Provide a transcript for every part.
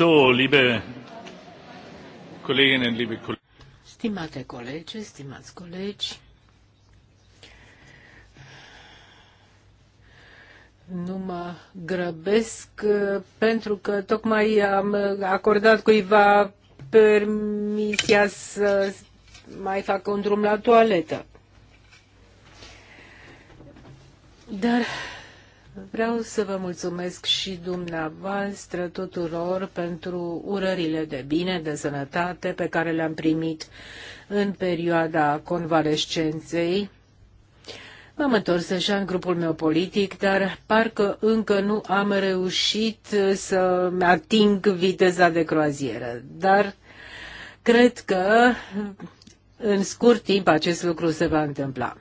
So, liebe Kolleginnen, liebe Kollegen. Stimate colegi, stimați colegi, nu mă grăbesc uh, pentru că tocmai am uh, acordat cuiva permisia să mai facă un drum la toaletă. Dar Vreau să vă mulțumesc și dumneavoastră tuturor pentru urările de bine, de sănătate pe care le-am primit în perioada convalescenței. M-am întors deja în grupul meu politic, dar parcă încă nu am reușit să ating viteza de croazieră. Dar cred că în scurt timp acest lucru se va întâmpla.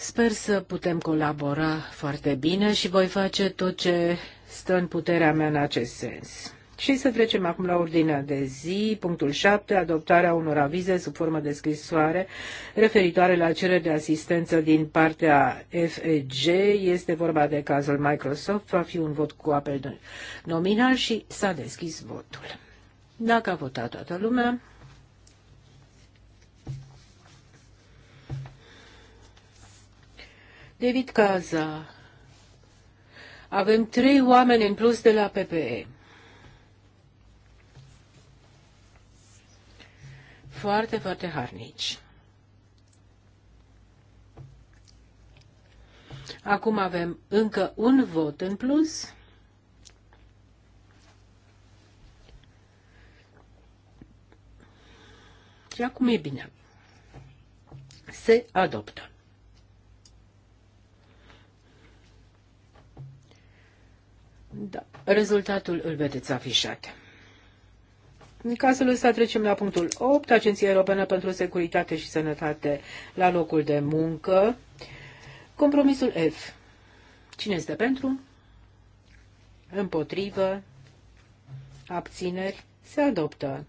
Sper să putem colabora foarte bine și voi face tot ce stă în puterea mea în acest sens. Și să trecem acum la ordinea de zi, punctul 7, adoptarea unor avize sub formă de scrisoare referitoare la cerere de asistență din partea FEG. Este vorba de cazul Microsoft, va fi un vot cu apel nominal și s-a deschis votul. Dacă a votat toată lumea, David Caza. Avem trei oameni în plus de la PPE. Foarte, foarte harnici. Acum avem încă un vot în plus. Și acum e bine. Se adoptă. Da. Rezultatul îl vedeți afișat. În cazul ăsta trecem la punctul 8, Agenția Europeană pentru Securitate și Sănătate la locul de muncă. Compromisul F. Cine este pentru? Împotrivă? Abțineri? Se adoptă.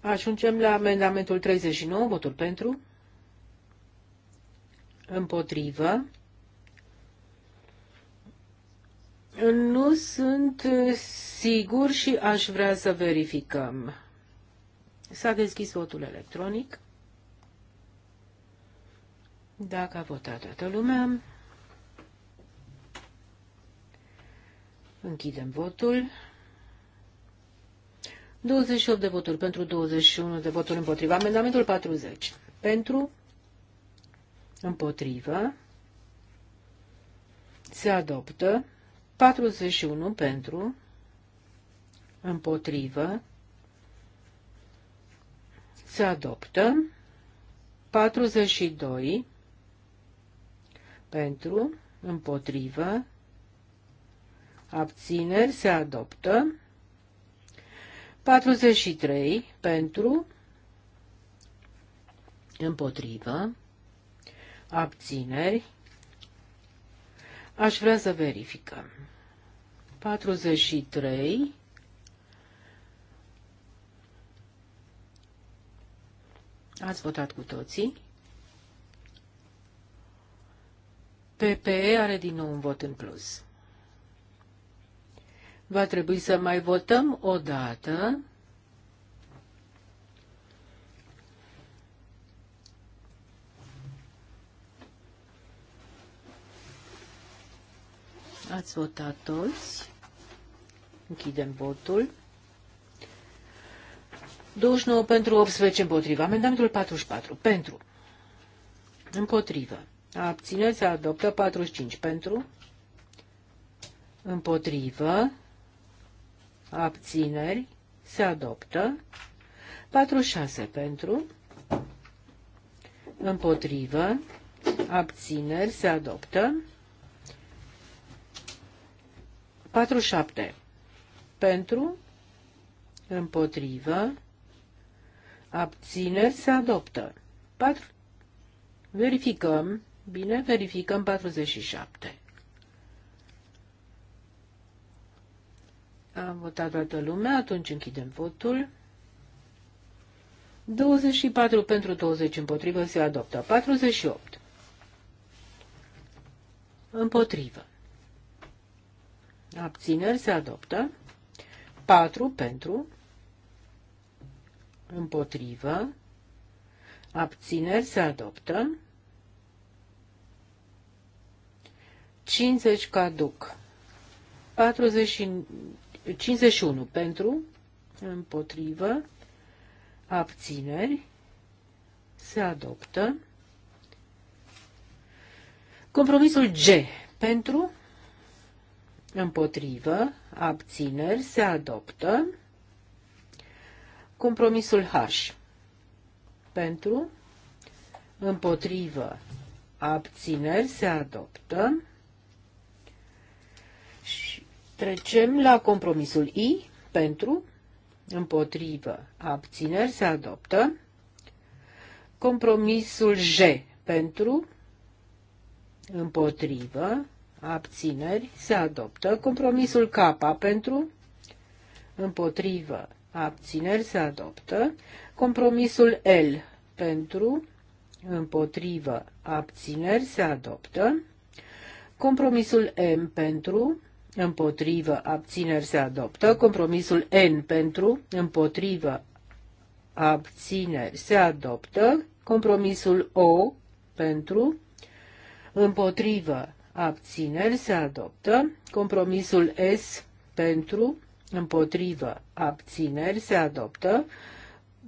Ajungem la amendamentul 39, votul pentru? Împotrivă? Nu sunt sigur și aș vrea să verificăm. S-a deschis votul electronic. Dacă a votat toată lumea, închidem votul. 28 de voturi pentru, 21 de voturi împotriva. Amendamentul 40. Pentru, împotrivă, se adoptă. 41 pentru, împotrivă, se adoptă. 42 pentru, împotrivă, abțineri, se adoptă. 43 pentru, împotrivă, abțineri, Aș vrea să verificăm. 43. Ați votat cu toții. PPE are din nou un vot în plus. Va trebui să mai votăm o dată Ați votat toți. Închidem votul. 29 pentru 18 împotriva. Amendamentul 44 pentru. Împotrivă. Abține se adoptă 45 pentru. Împotrivă. Abțineri se adoptă 46 pentru. Împotrivă. Abțineri se adoptă 47. Pentru, împotrivă, abțineri se adoptă. 4. Verificăm, bine, verificăm 47. Am votat toată lumea, atunci închidem votul. 24 pentru 20 împotrivă se adoptă. 48. Împotrivă abțineri se adoptă. 4 pentru, împotrivă, abțineri se adoptă. 50 caduc. 40, 51 pentru, împotrivă, abțineri, se adoptă. Compromisul G pentru, împotrivă, abțineri, se adoptă. Compromisul H. Pentru, împotrivă, abțineri, se adoptă. Și trecem la compromisul I. Pentru, împotrivă, abțineri, se adoptă. Compromisul J. Pentru, împotrivă, abțineri, se adoptă. Compromisul K pentru, împotrivă, abțineri, se adoptă. Compromisul L pentru, împotrivă, abțineri, se adoptă. Compromisul M pentru, împotrivă, abțineri, se adoptă. Compromisul N pentru, împotrivă, abțineri, se adoptă. Compromisul O pentru, împotrivă, abțineri se adoptă. Compromisul S pentru, împotrivă, abțineri se adoptă.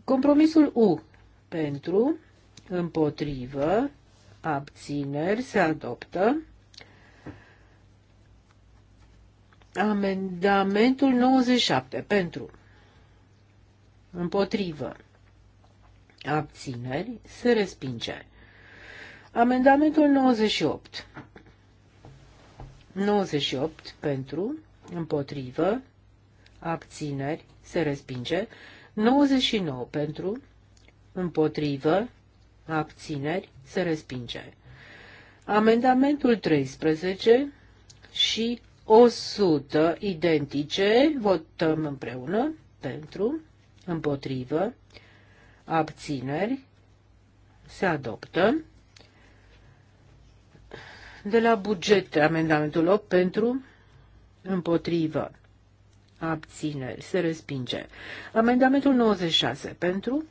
Compromisul U pentru, împotrivă, abțineri se adoptă. Amendamentul 97 pentru, împotrivă, abțineri se respinge. Amendamentul 98 98 pentru, împotrivă, abțineri, se respinge. 99 pentru, împotrivă, abțineri, se respinge. Amendamentul 13 și 100 identice, votăm împreună, pentru, împotrivă, abțineri, se adoptă. De la buget, amendamentul 8 pentru, împotrivă, abțineri, se respinge. Amendamentul 96 pentru,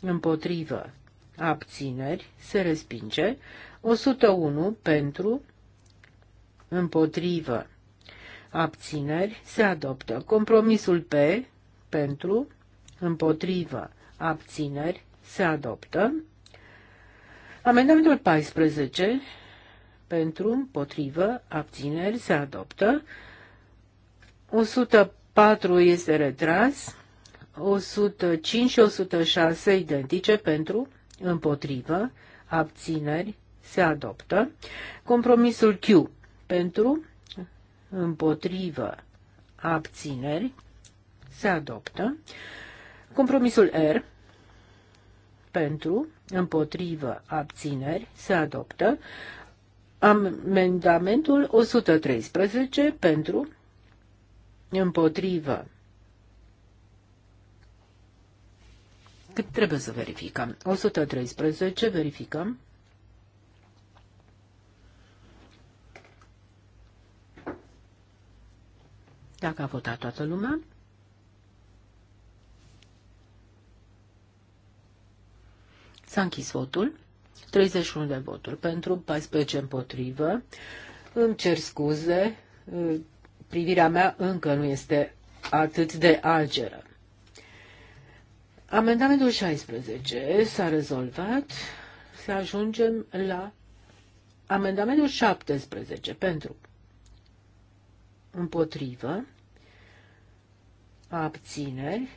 împotrivă, abțineri, se respinge. 101 pentru, împotrivă, abțineri, se adoptă. Compromisul P pentru, împotrivă, abțineri, se adoptă. Amendamentul 14 pentru, împotrivă, abțineri, se adoptă. 104 este retras. 105 și 106 identice pentru, împotrivă, abțineri, se adoptă. Compromisul Q pentru, împotrivă, abțineri, se adoptă. Compromisul R pentru, împotrivă, abțineri, se adoptă. Amendamentul 113 pentru împotrivă. Cât trebuie să verificăm? 113, verificăm. Dacă a votat toată lumea. S-a închis votul. 31 de voturi pentru, 14 împotrivă. Îmi cer scuze, uh, privirea mea încă nu este atât de algeră. Amendamentul 16 s-a rezolvat, să ajungem la amendamentul 17 pentru împotrivă, abțineri,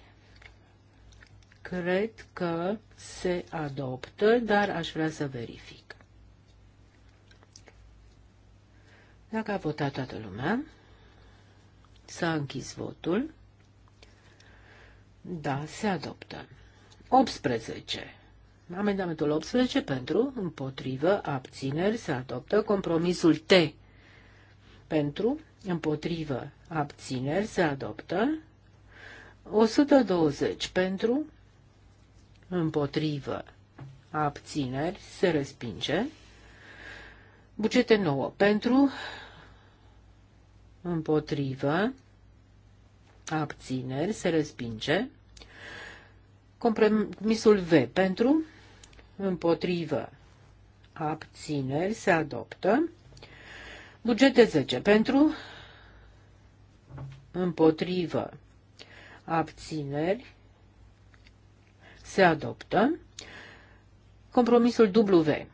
Cred că se adoptă, dar aș vrea să verific. Dacă a votat toată lumea, s-a închis votul. Da, se adoptă. 18. Amendamentul 18 pentru, împotrivă, abțineri, se adoptă compromisul T. Pentru, împotrivă, abțineri, se adoptă 120 pentru, împotrivă, abțineri, se respinge. Bugete nouă pentru, împotrivă, abțineri, se respinge. Compromisul V pentru, împotrivă, abțineri, se adoptă. Bugete 10 pentru, împotrivă, abțineri, se adoptă. Compromisul W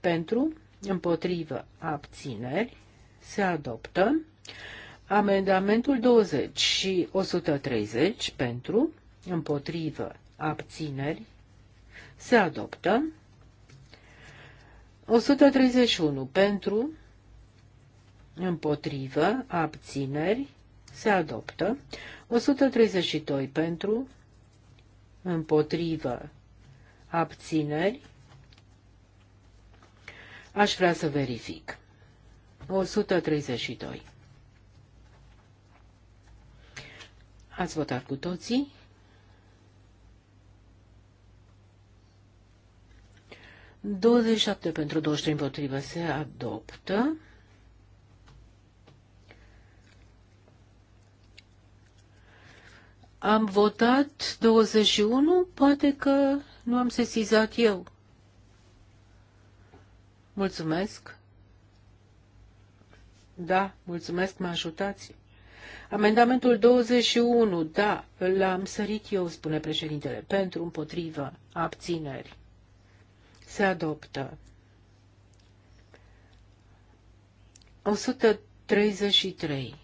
pentru, împotrivă, abțineri se adoptă. Amendamentul 20 și 130 pentru, împotrivă, abțineri se adoptă. 131 pentru, împotrivă, abțineri, se adoptă. 132 pentru, împotrivă, abțineri, aș vrea să verific. 132. Ați votat cu toții? Douăzeci șapte pentru 23 împotrivă se adoptă. Am votat 21, poate că nu am sesizat eu. Mulțumesc. Da, mulțumesc, mă ajutați. Amendamentul 21, da, l-am sărit eu, spune președintele, pentru, împotrivă, abțineri. Se adoptă. 133.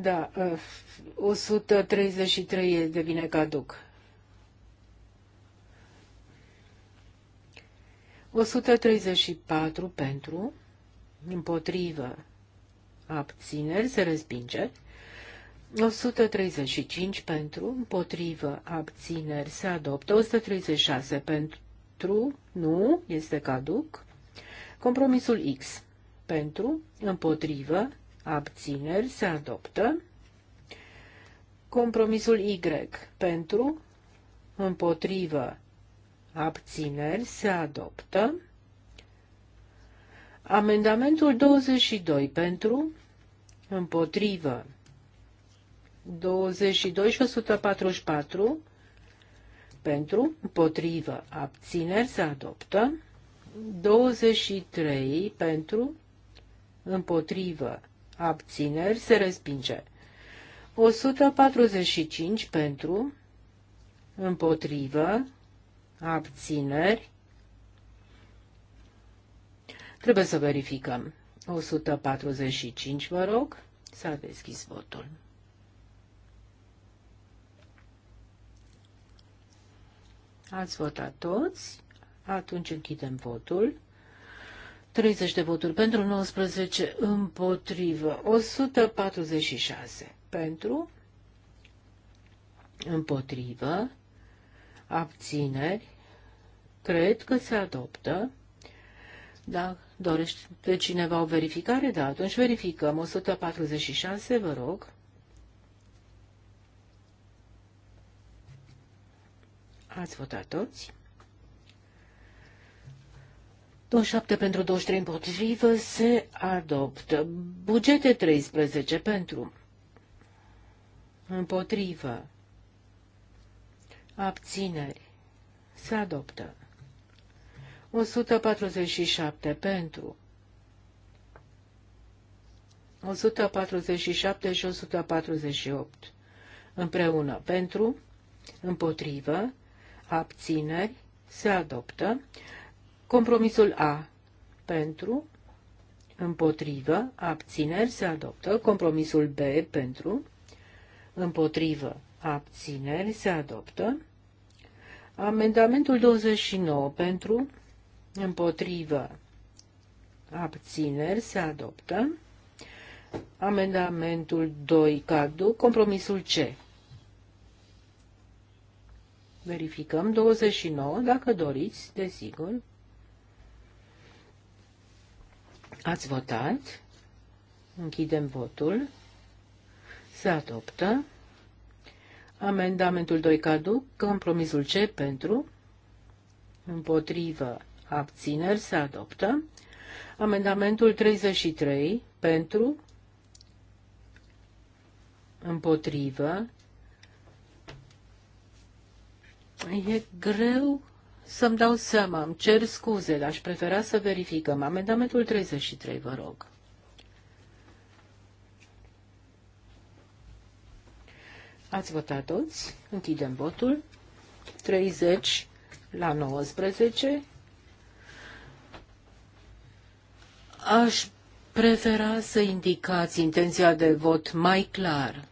Da, 133 uh, devine caduc. 134 pentru, împotrivă, abțineri, se respinge. 135 pentru, împotrivă, abțineri, se adoptă. 136 pentru, nu, este caduc. Compromisul X pentru, împotrivă, abțineri, se adoptă. Compromisul Y pentru, împotrivă, abțineri, se adoptă. Amendamentul 22 pentru, împotrivă, 22 și 144 pentru, împotrivă, abțineri, se adoptă. 23 pentru, împotrivă, abțineri, se respinge. 145 pentru, împotrivă, abțineri. Trebuie să verificăm. 145, vă rog, s-a deschis votul. Ați votat toți? Atunci închidem votul. 30 de voturi pentru, 19 împotrivă, 146 pentru, împotrivă, abțineri, cred că se adoptă. Da, dorește cineva o verificare? Da, atunci verificăm. 146, vă rog. Ați votat toți? 27 pentru 23 împotrivă se adoptă. Bugete 13 pentru. Împotrivă. Abțineri. Se adoptă. 147 pentru. 147 și 148. Împreună pentru, împotrivă, abțineri, se adoptă. Compromisul A pentru, împotrivă, abțineri se adoptă. Compromisul B pentru, împotrivă, abțineri se adoptă. Amendamentul 29 pentru, împotrivă, abțineri se adoptă. Amendamentul 2 Cadu. compromisul C. Verificăm 29, dacă doriți, desigur. Ați votat. Închidem votul. Se adoptă. Amendamentul 2 caduc, compromisul C pentru, împotrivă, abțineri, se adoptă. Amendamentul 33 pentru, împotrivă, e greu să-mi dau seama, îmi cer scuze, dar aș prefera să verificăm. Amendamentul 33, vă rog. Ați votat toți? Închidem votul. 30 la 19. Aș prefera să indicați intenția de vot mai clar.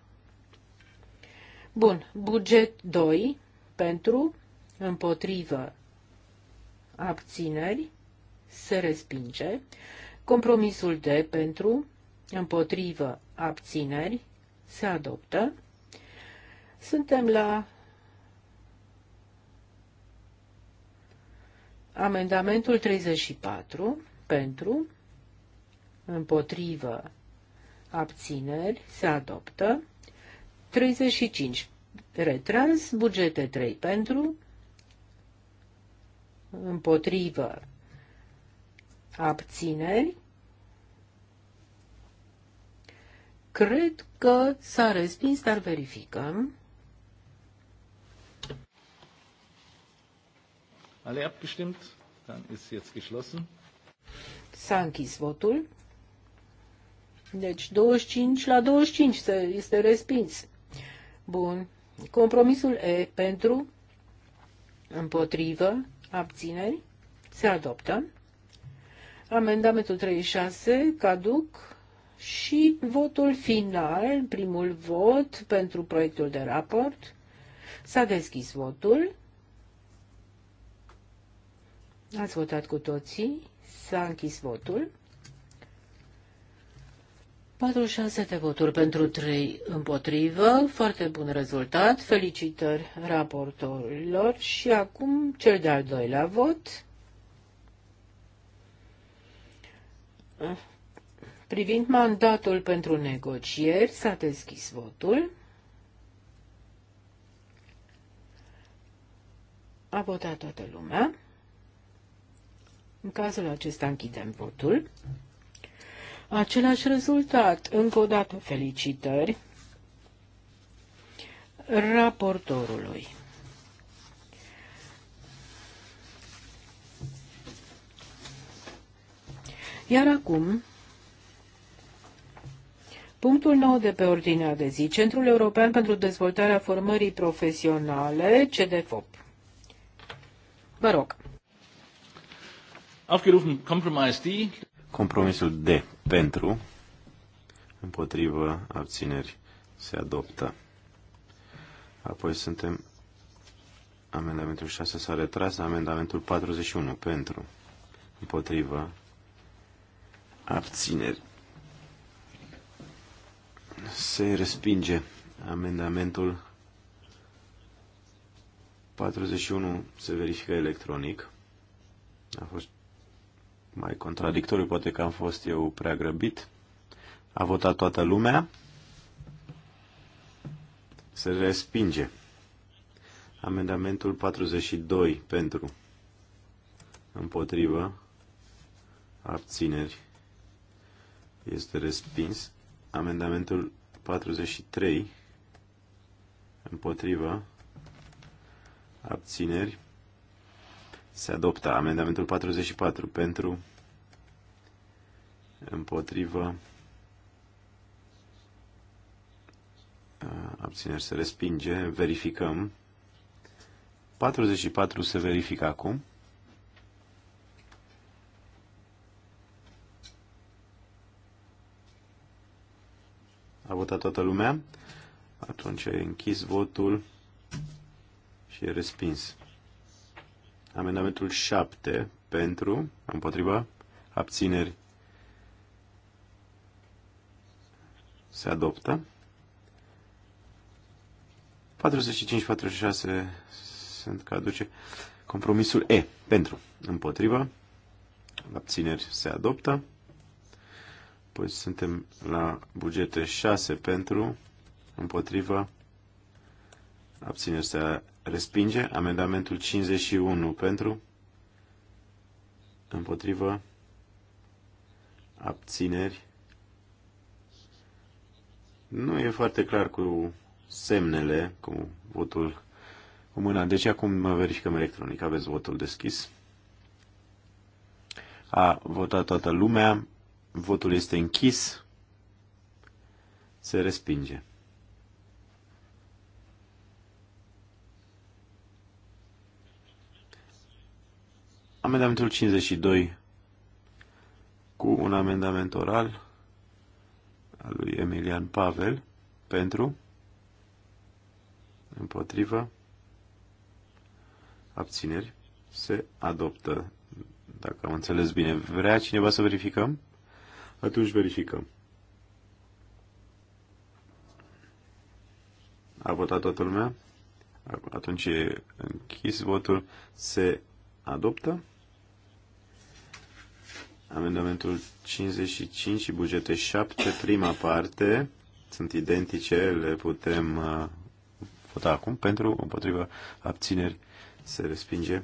Bun, buget 2 pentru, împotrivă, abțineri, se respinge. Compromisul D pentru, împotrivă, abțineri, se adoptă. Suntem la amendamentul 34 pentru, împotrivă, abțineri, se adoptă. 35 retrans bugete 3 pentru, împotrivă, abțineri, cred că s-a respins, dar verificăm. Alle abgestimmt? Dann ist jetzt geschlossen. S-a închis votul. Deci 25 la 25 se, este respins. Bun. Compromisul E pentru, împotrivă, abțineri, se adoptă. Amendamentul 36, caduc și votul final, primul vot pentru proiectul de raport. S-a deschis votul. Ați votat cu toții. S-a închis votul. 46 de voturi pentru 3 împotrivă, foarte bun rezultat, felicitări raportorilor și acum cel de-al doilea vot. Privind mandatul pentru negocieri, s-a deschis votul. A votat toată lumea. În cazul acesta închidem votul același rezultat. Încă o dată felicitări raportorului. Iar acum, punctul 9 de pe ordinea de zi, Centrul European pentru Dezvoltarea Formării Profesionale, CDFOP. Vă rog. Aufgerufen Compromise D. Compromisul D pentru, împotrivă, abțineri se adoptă. Apoi suntem amendamentul 6 s-a retras, amendamentul 41 pentru, împotrivă, abțineri. Se respinge amendamentul 41, se verifică electronic. A fost mai contradictoriu, poate că am fost eu prea grăbit. A votat toată lumea. Se respinge. Amendamentul 42 pentru. Împotrivă. Abțineri. Este respins. Amendamentul 43. Împotrivă. Abțineri. Se adoptă amendamentul 44 pentru, împotrivă, abțineri se respinge, verificăm. 44 se verifică acum. A votat toată lumea. Atunci e închis votul și e respins. Amendamentul 7 pentru, împotriva, abțineri se adoptă. 45-46 sunt caduce. Compromisul E pentru, împotriva, abțineri se adoptă. Păi suntem la bugete 6 pentru, împotriva, Abțineri se respinge. Amendamentul 51 pentru. Împotrivă. Abțineri. Nu e foarte clar cu semnele, cu votul cu mâna. Deci acum mă verificăm electronic. Aveți votul deschis. A votat toată lumea. Votul este închis. Se respinge. Amendamentul 52 cu un amendament oral al lui Emilian Pavel pentru, împotrivă, abțineri, se adoptă. Dacă am înțeles bine, vrea cineva să verificăm? Atunci verificăm. A votat toată lumea? Atunci e închis votul. Se adoptă. Amendamentul 55 și bugete 7, prima parte, sunt identice, le putem uh, vota acum pentru, împotriva abțineri, se respinge.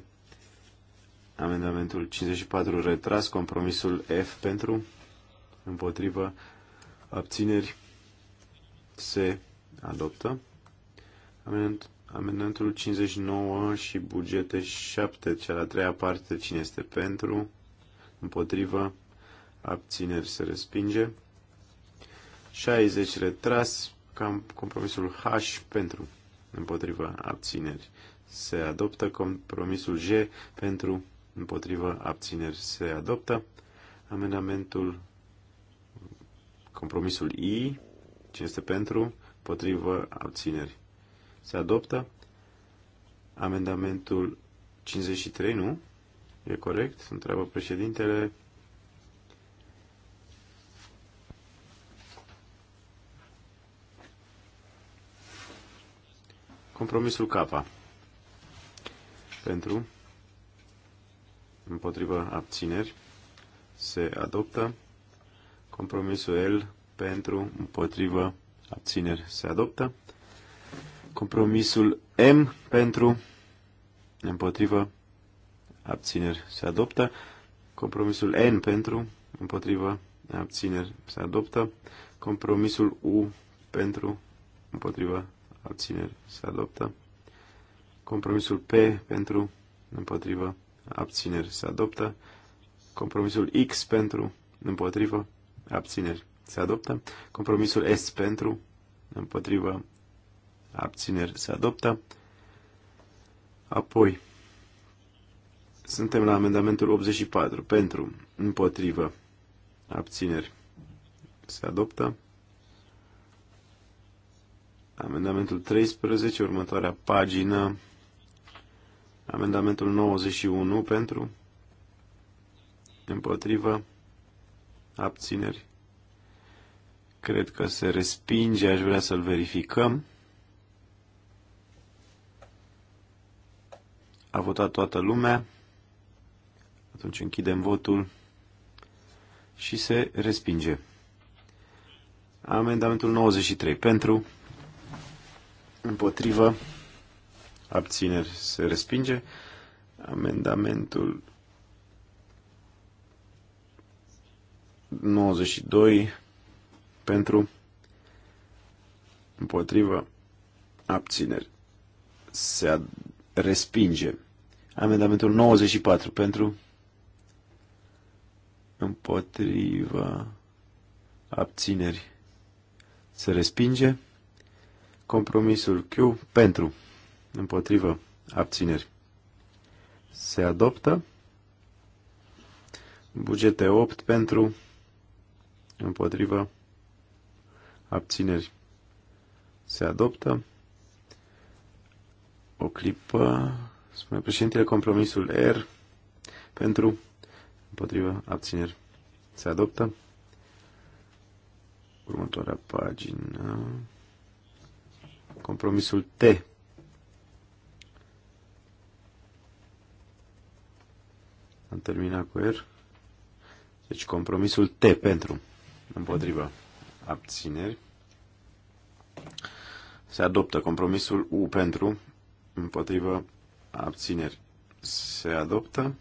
Amendamentul 54 retras, compromisul F pentru, împotriva abțineri, se adoptă. Amendamentul 59 și bugete 7, cea la treia parte, cine este pentru, împotriva, abțineri se respinge. 60 retras, cam compromisul H pentru, împotriva, abțineri se adoptă, compromisul G pentru, împotriva, abțineri se adoptă. Amendamentul compromisul I, ce este pentru, împotriva abțineri. Se adoptă amendamentul 53, nu? E corect? Întreabă președintele. Compromisul K. Pentru. Împotriva abțineri. Se adoptă. Compromisul L. Pentru. Împotriva abțineri. Se adoptă. Compromisul M. Pentru. Împotrivă abțineri se adoptă. Compromisul N pentru, împotriva, abțineri se adoptă. Compromisul U pentru, împotriva, abțineri se adoptă. Compromisul P pentru, împotriva, abțineri se adoptă. Compromisul X pentru, împotriva, abțineri se adoptă. Compromisul S pentru, împotriva, abțineri se adoptă. Apoi, suntem la amendamentul 84. Pentru, împotrivă, abțineri. Se adoptă. Amendamentul 13, următoarea pagină. Amendamentul 91 pentru, împotrivă, abțineri. Cred că se respinge, aș vrea să-l verificăm. A votat toată lumea. Atunci închidem votul și se respinge. Amendamentul 93. Pentru, împotrivă, abțineri se respinge. Amendamentul 92 pentru împotrivă abțineri se respinge. Amendamentul 94 pentru împotriva abțineri se respinge. Compromisul Q pentru împotriva abțineri se adoptă. Bugete 8 pentru împotriva abțineri se adoptă. O clipă, spune președintele, compromisul R pentru împotriva, abțineri, se adoptă. Următoarea pagină, compromisul T. Am terminat cu R. Deci compromisul T pentru, împotriva, abțineri. Se adoptă compromisul U pentru, împotriva, abțineri. Se adoptă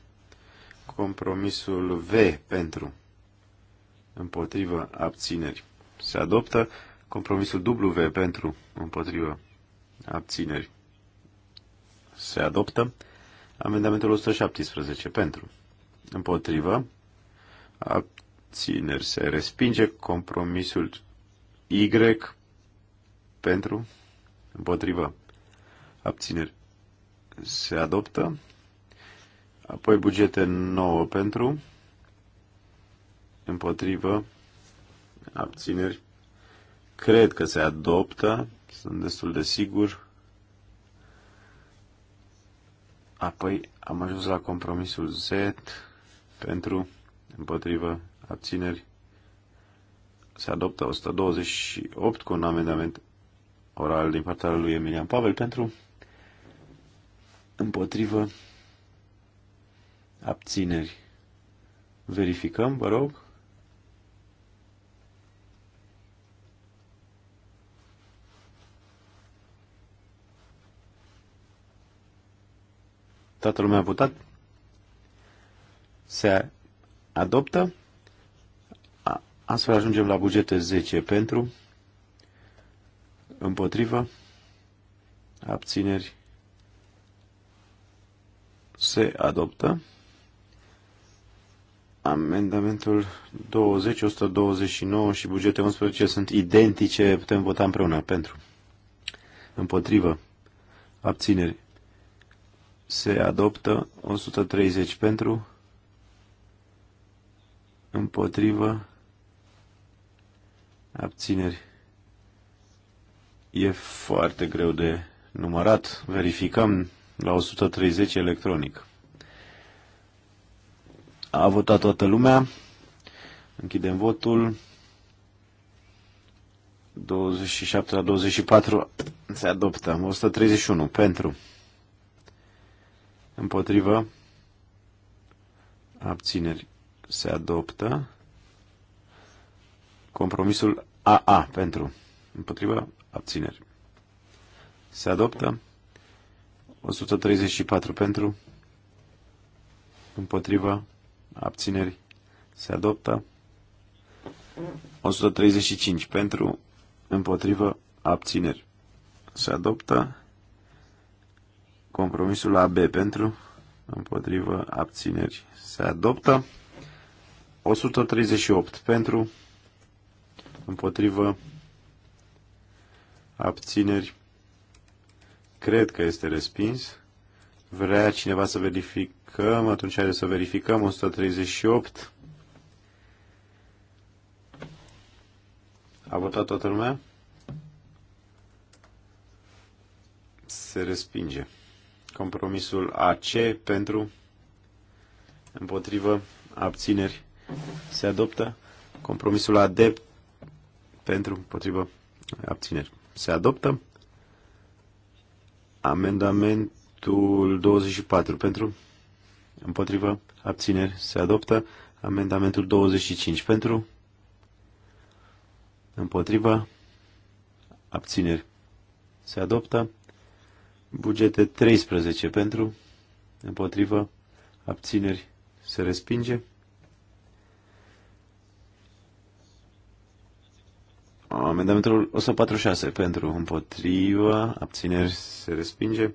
Compromisul V pentru împotrivă abțineri se adoptă. Compromisul W pentru împotrivă abțineri se adoptă. Amendamentul 117 pentru împotrivă abțineri se respinge. Compromisul Y pentru împotrivă abțineri se adoptă. Apoi bugete 9 pentru, împotrivă, abțineri. Cred că se adoptă, sunt destul de sigur. Apoi am ajuns la compromisul Z pentru, împotrivă, abțineri. Se adoptă 128 cu un amendament oral din partea lui Emilian Pavel pentru, împotrivă, Abțineri. Verificăm, vă rog. Toată lumea a votat. Se adoptă. Astfel ajungem la bugete 10 pentru, împotrivă, abțineri, se adoptă. Amendamentul 20, 129 și bugete 11 sunt identice, putem vota împreună pentru. Împotrivă. Abțineri. Se adoptă 130 pentru. Împotrivă. Abțineri. E foarte greu de numărat. Verificăm la 130 electronic. A votat toată lumea. Închidem votul. 27 la 24 se adoptă. 131 pentru. Împotrivă. Abțineri se adoptă. Compromisul AA pentru. Împotrivă. Abțineri. Se adoptă. 134 pentru. Împotrivă abțineri, se adoptă. 135 pentru, împotrivă, abțineri, se adoptă. Compromisul AB pentru, împotrivă, abțineri, se adoptă. 138 pentru, împotrivă, abțineri, cred că este respins. Vrea cineva să verificăm? Atunci hai să verificăm. 138. A votat toată lumea? Se respinge. Compromisul AC pentru împotrivă abțineri se adoptă. Compromisul AD pentru împotrivă abțineri se adoptă. Amendament Punctul 24 pentru, împotrivă, abțineri, se adoptă. Amendamentul 25 pentru, împotrivă, abțineri, se adoptă. Bugete 13 pentru, împotrivă, abțineri, se respinge. Amendamentul 146 pentru, împotrivă, abțineri, se respinge.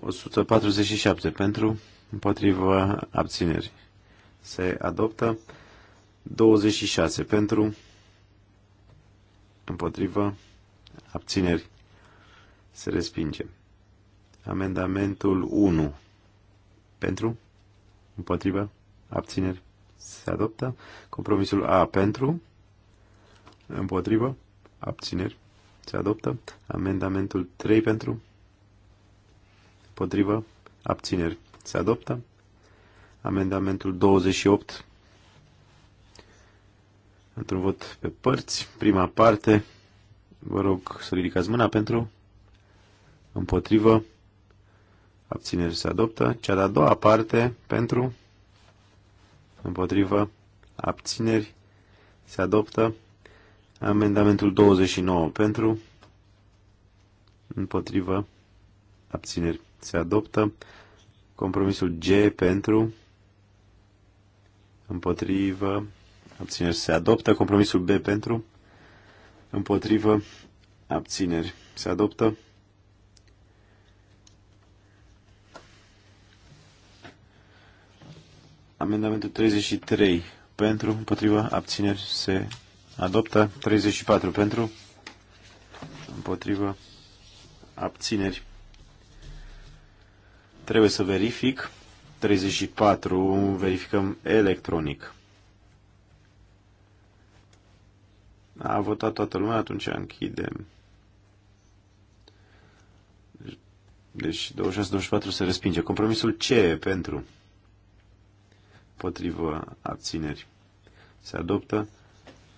147 pentru, împotriva abțineri. Se adoptă 26 pentru, împotriva abțineri. Se respinge. Amendamentul 1 pentru, împotriva abțineri. Se adoptă compromisul A pentru, împotriva abțineri. Se adoptă amendamentul 3 pentru, împotrivă, abțineri se adoptă. Amendamentul 28 într-un vot pe părți. Prima parte, vă rog să ridicați mâna pentru, împotrivă, abțineri se adoptă. Cea de-a doua parte, pentru, împotrivă, abțineri se adoptă. Amendamentul 29 pentru, împotrivă, abțineri se adoptă. Compromisul G pentru, împotrivă, abțineri se adoptă. Compromisul B pentru, împotrivă, abțineri se adoptă. Amendamentul 33 pentru, împotriva, abțineri se adoptă. 34 pentru, împotriva, abțineri Trebuie să verific. 34. Verificăm electronic. A votat toată lumea, atunci închidem. Deci 26-24 se respinge. Compromisul ce pentru? Potrivă abțineri. Se adoptă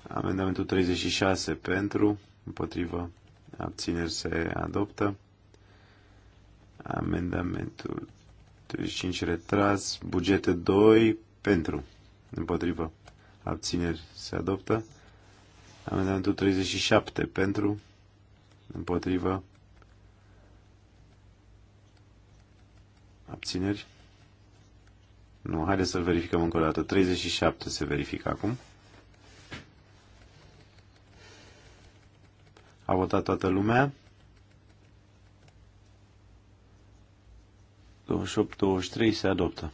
amendamentul 36 pentru, împotrivă abțineri se adoptă. Amendamentul 35 retras. Bugete 2 pentru. Împotrivă. Abțineri se adoptă. Amendamentul 37 pentru. Împotrivă. Abțineri. Nu, haideți să-l verificăm încă o dată. 37 se verifică acum. A votat toată lumea. 28-23 se adoptă.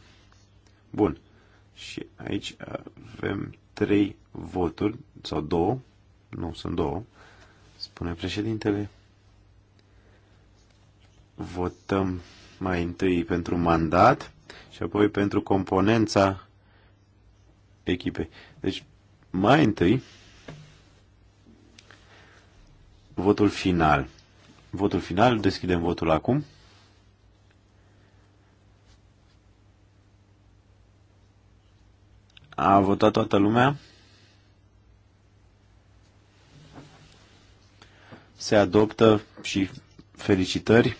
Bun. Și aici avem trei voturi, sau două, nu, sunt două, spune președintele. Votăm mai întâi pentru mandat și apoi pentru componența echipei. Deci, mai întâi, votul final. Votul final, deschidem votul acum. A votat toată lumea? Se adoptă și felicitări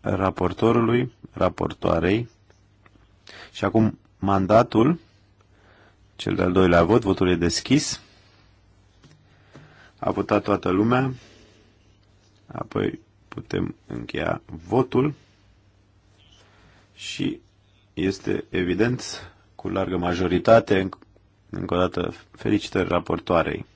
raportorului, raportoarei. Și acum mandatul, cel de-al doilea vot, votul e deschis. A votat toată lumea. Apoi putem încheia votul și este evident cu largă majoritate. Încă o dată, felicitări raportoarei.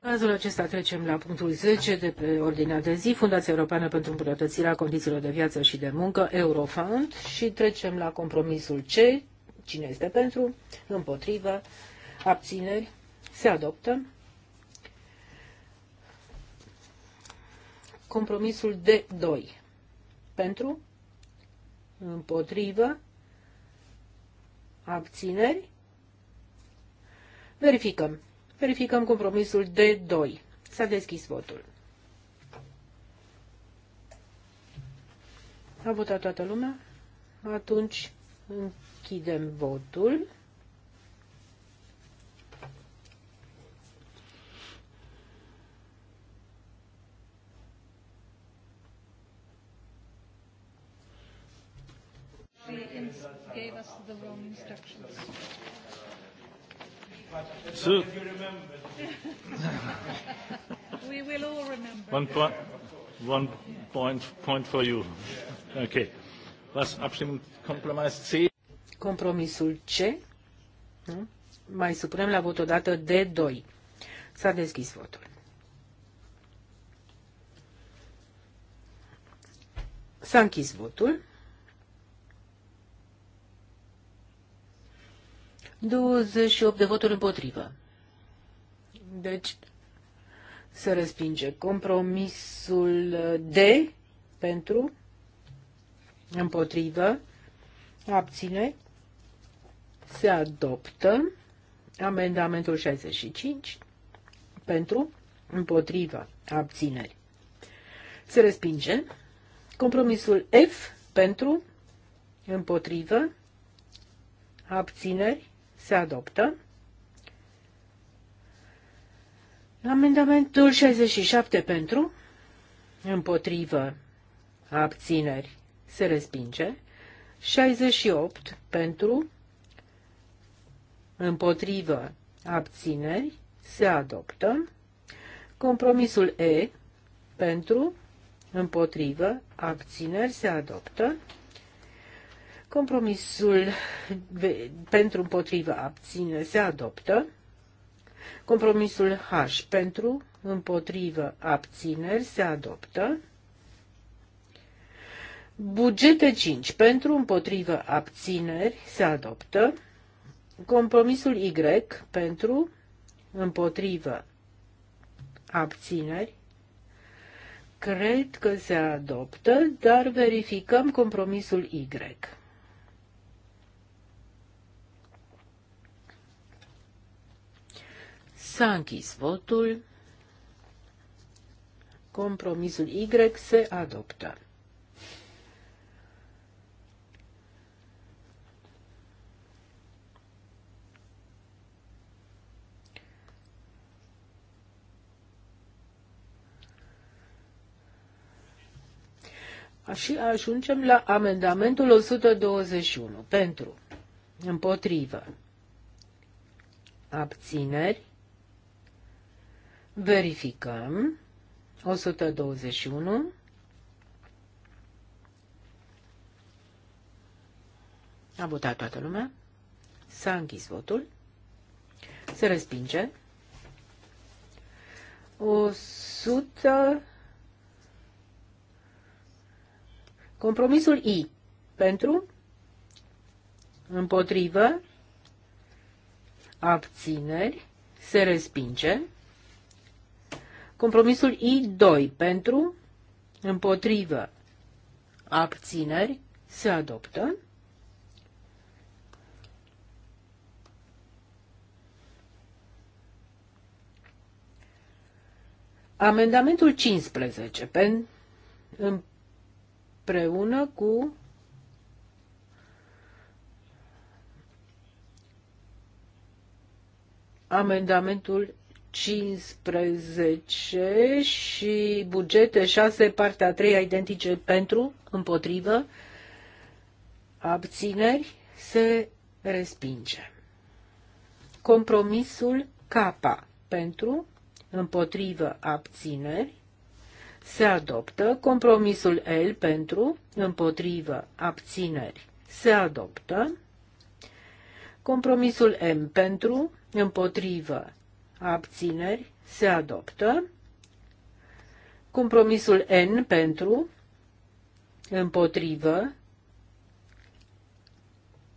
Cazul acesta trecem la punctul 10 de pe ordinea de zi, Fundația Europeană pentru îmbunătățirea condițiilor de viață și de muncă, Eurofund, și trecem la compromisul C. Cine este pentru? Împotrivă? Abțineri? Se adoptă. Compromisul D2. Pentru? Împotrivă? Abțineri? Verificăm. Verificăm compromisul D2. S-a deschis votul. A votat toată lumea? Atunci închidem votul. So, we will all remember. One point, one point, point for you. Okay. Was Abstimmung Kompromiss C? Kompromissul C. Nu? Mai supunem la vot odată D2. S-a deschis votul. S-a închis votul. 28 de voturi împotrivă. Deci se respinge compromisul D pentru, împotrivă, abține, se adoptă amendamentul 65 pentru, împotrivă, abțineri. Se respinge compromisul F pentru, împotrivă, abțineri, se adoptă. Amendamentul 67 pentru, împotrivă, abțineri, se respinge. 68 pentru, împotrivă, abțineri, se adoptă. Compromisul E pentru, împotrivă, abțineri, se adoptă. Compromisul pentru împotriva abține se adoptă. Compromisul H pentru împotrivă abțineri se adoptă. Bugete 5 pentru împotrivă abțineri se adoptă. Compromisul Y pentru împotrivă abțineri cred că se adoptă, dar verificăm compromisul Y. S-a închis votul. Compromisul Y se adoptă. Și ajungem la amendamentul 121. Pentru. Împotrivă. Abțineri. Verificăm. 121. A votat toată lumea. S-a închis votul. Se respinge. 100. Compromisul I. Pentru. Împotrivă. Abțineri. Se respinge. Compromisul I2 pentru, împotrivă, abțineri, se adoptă. Amendamentul 15, pen, împreună cu amendamentul 15 și bugete 6, partea 3, identice pentru, împotrivă, abțineri, se respinge. Compromisul K pentru, împotrivă, abțineri, se adoptă. Compromisul L pentru, împotrivă, abțineri, se adoptă. Compromisul M pentru, împotrivă, abțineri, se adoptă. Compromisul N pentru, împotrivă,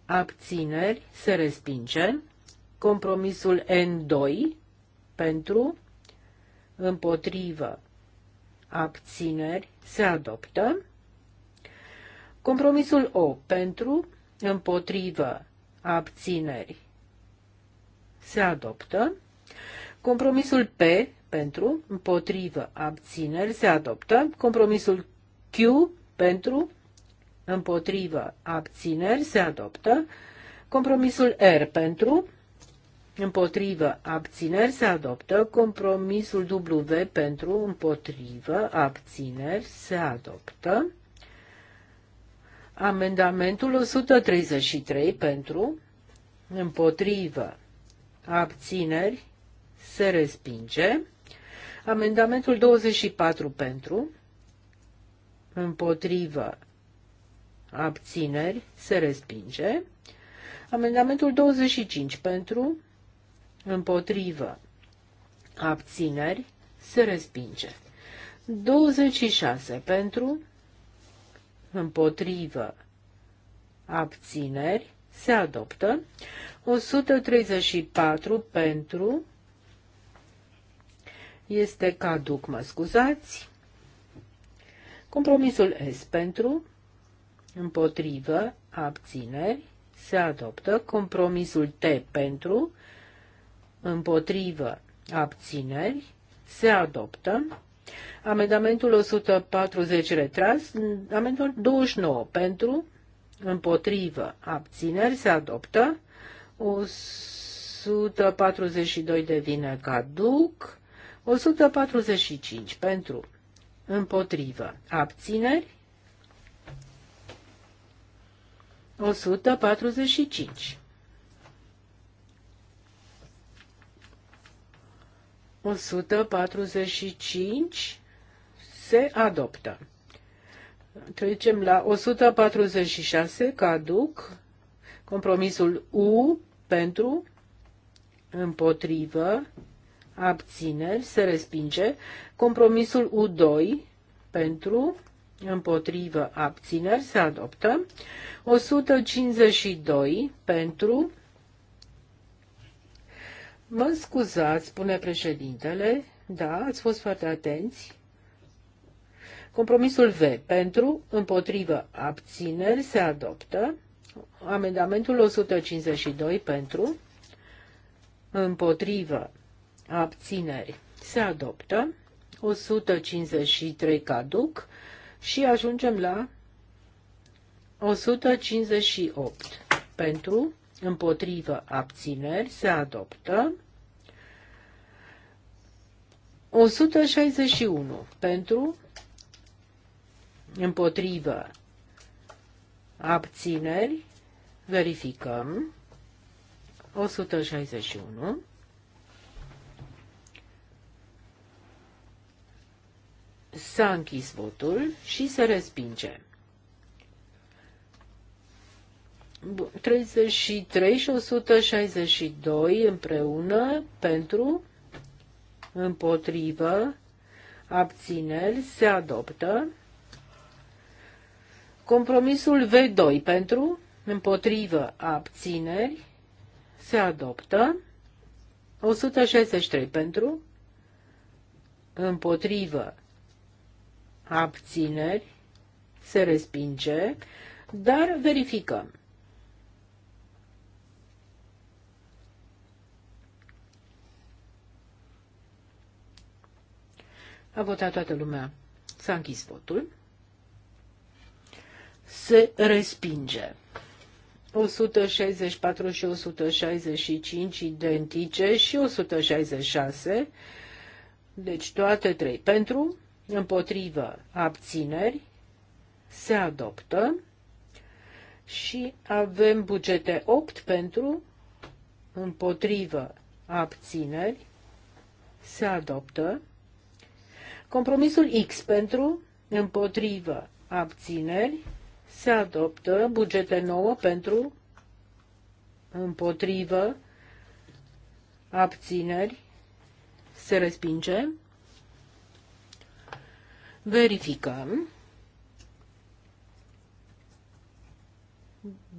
abțineri, se respinge. Compromisul N2 pentru, împotrivă, abțineri, se adoptă. Compromisul O pentru, împotrivă, abțineri, se adoptă. Compromisul P pentru, împotrivă, abțineri se adoptă. Compromisul Q pentru, împotrivă, abțineri se adoptă. Compromisul R pentru, împotrivă, abțineri se adoptă. Compromisul W pentru, împotrivă, abțineri se adoptă. Amendamentul 133 pentru, împotrivă, abțineri se respinge. Amendamentul 24 pentru, împotrivă, abțineri, se respinge. Amendamentul 25 pentru, împotrivă, abțineri, se respinge. 26 pentru, împotrivă, abțineri, se adoptă. 134 pentru, este caduc, mă scuzați. Compromisul S pentru, împotrivă, abțineri, se adoptă. Compromisul T pentru, împotrivă, abțineri, se adoptă. Amendamentul 140 retras, amendamentul 29 pentru, împotrivă, abțineri, se adoptă. 142 devine caduc. 145 pentru, împotrivă, abțineri, 145. 145 se adoptă. Trecem la 146, caduc, compromisul U pentru, împotrivă, abțineri, se respinge. Compromisul U2 pentru, împotrivă, abțineri, se adoptă. 152 pentru, mă scuzați, spune președintele, da, ați fost foarte atenți. Compromisul V pentru, împotrivă, abțineri, se adoptă. Amendamentul 152 pentru, împotrivă, abțineri. Se adoptă 153 caduc și ajungem la 158 pentru, împotrivă, abțineri, se adoptă 161 pentru, împotrivă, abțineri, verificăm 161 S-a închis votul și se respinge. 33 și 162 împreună pentru, împotrivă, abțineri, se adoptă. Compromisul V2 pentru, împotrivă, abțineri, se adoptă. 163 pentru, împotrivă, abțineri, se respinge, dar verificăm. A votat toată lumea. S-a închis votul. Se respinge. 164 și 165 identice și 166. Deci toate trei pentru, împotrivă, abțineri, se adoptă și avem bugete 8 pentru, împotrivă, abțineri, se adoptă. Compromisul X pentru, împotrivă, abțineri, se adoptă. Bugete 9 pentru, împotrivă, abțineri, se respinge. Verificăm.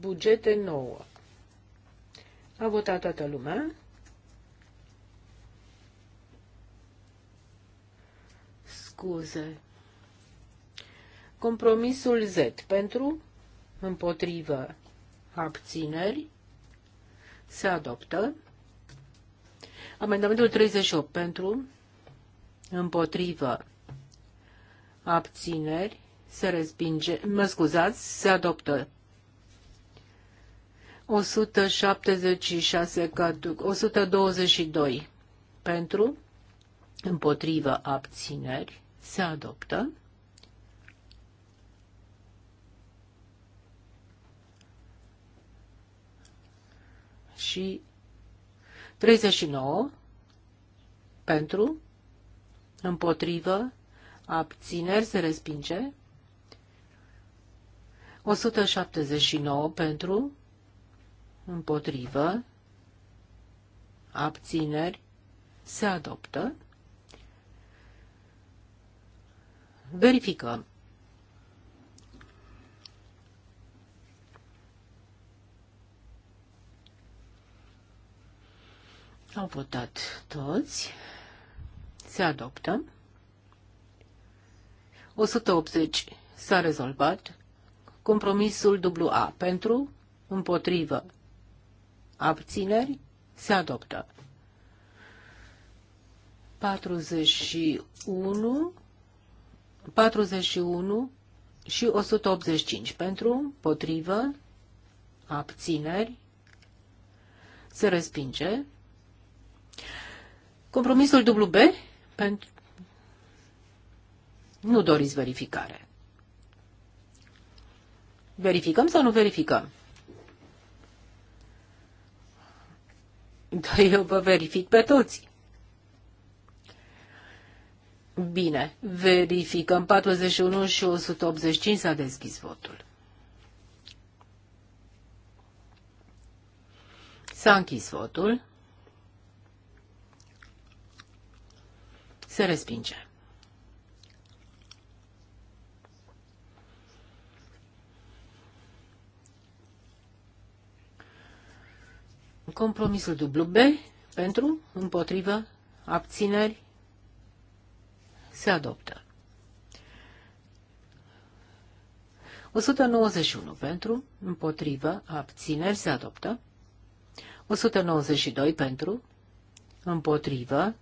Bugete nouă. A votat toată lumea. Scuze. Compromisul Z pentru, împotrivă, abțineri, se adoptă. Amendamentul 38 pentru, împotrivă, abțineri, se respinge, mă scuzați, se adoptă. 176 caduc, 122 pentru, împotrivă abțineri, se adoptă. Și 39 pentru, împotrivă, abțineri se respinge. 179 pentru, împotrivă, abțineri se adoptă. Verificăm. Au votat toți. Se adoptă. 180 s-a rezolvat. Compromisul WA pentru, împotrivă, abțineri, se adoptă. 41, 41 și 185 pentru, împotrivă, abțineri, se respinge. Compromisul WB pentru nu doriți verificare. Verificăm sau nu verificăm? Da, eu vă verific pe toți. Bine, verificăm 41 și 185 s-a deschis votul. S-a închis votul. Se respinge. Compromisul dublu B pentru, împotrivă, abțineri, se adoptă. 191 pentru, împotrivă, abțineri, se adoptă. 192 pentru, împotrivă,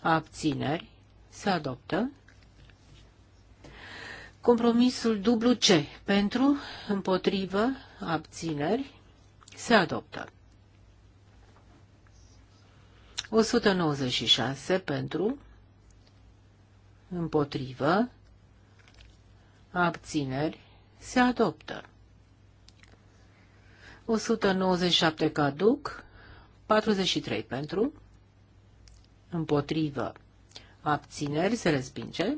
abțineri, se adoptă. Compromisul dublu C pentru, împotrivă, abțineri, se adoptă. 196 pentru, împotrivă, abțineri, se adoptă. 197 caduc, 43 pentru, împotrivă, abțineri, se respinge.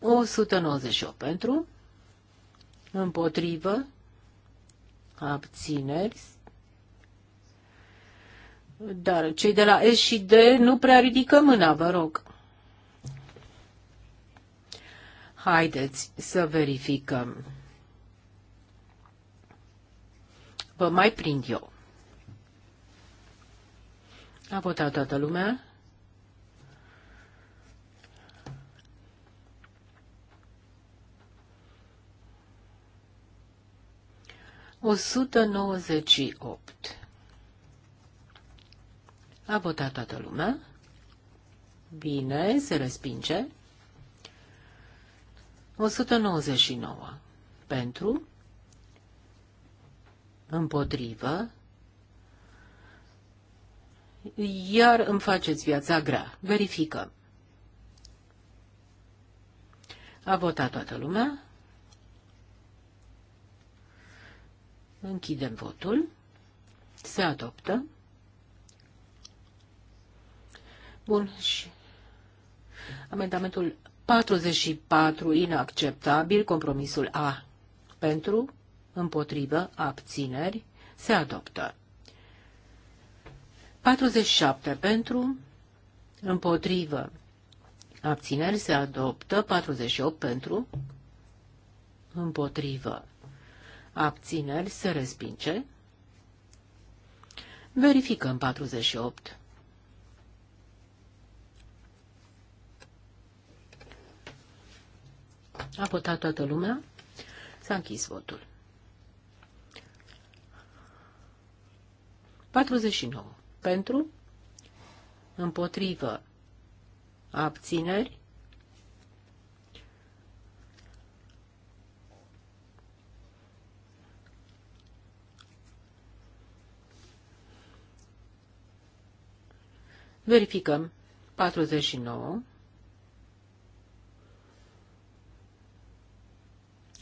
198 pentru, împotrivă, abțineri. Dar cei de la S și D nu prea ridică mâna, vă rog. Haideți să verificăm. Vă mai prind eu. A votat toată lumea? 198. A votat toată lumea. Bine, se respinge. 199. Pentru. Împotrivă. Iar îmi faceți viața grea. Verificăm. A votat toată lumea. Închidem votul. Se adoptă. Bun, și amendamentul 44 inacceptabil, compromisul A pentru, împotrivă, abțineri, se adoptă. 47 pentru, împotrivă, abțineri, se adoptă. 48 pentru, împotrivă, abțineri, se respinge. Verificăm 48. A votat toată lumea? S-a închis votul. 49. Pentru? Împotrivă? Abțineri? Verificăm. 49.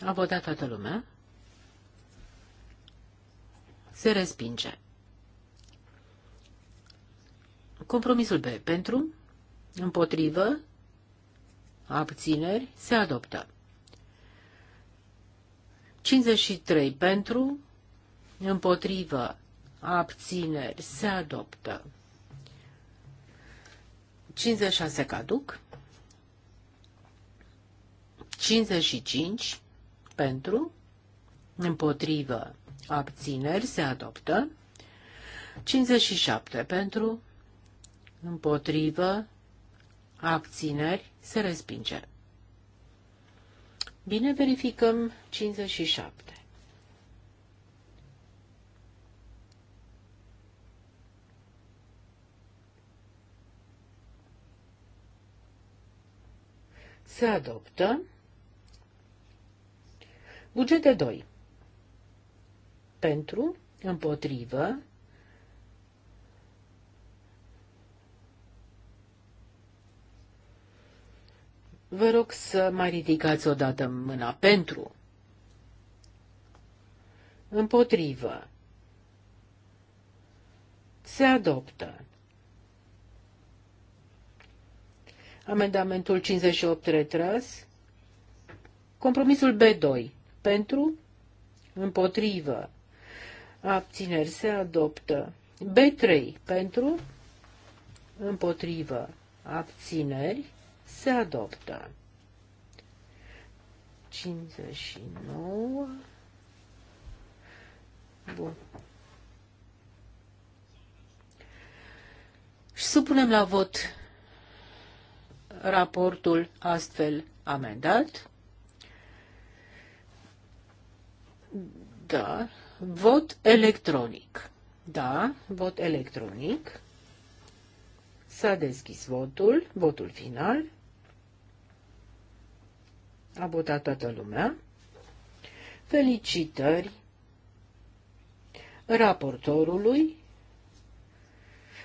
A votat toată lumea. Se respinge. Compromisul B. Pentru, împotrivă, abțineri, se adoptă. 53. Pentru, împotrivă, abțineri, se adoptă. 56 caduc. 55 pentru, împotrivă, abțineri, se adoptă. 57 pentru, împotrivă, abțineri, se respinge. Bine verificăm 57. Se adoptă. de 2. Pentru, împotrivă, Vă rog să mai ridicați odată mâna pentru. Împotrivă. Se adoptă. Amendamentul 58 retras. Compromisul B2. Pentru, împotrivă, abțineri se adoptă. B3. Pentru, împotrivă, abțineri se adoptă. 59. Bun. Și supunem la vot raportul astfel amendat. Da. Vot electronic. Da, vot electronic. S-a deschis votul, votul final. A votat toată lumea. Felicitări raportorului.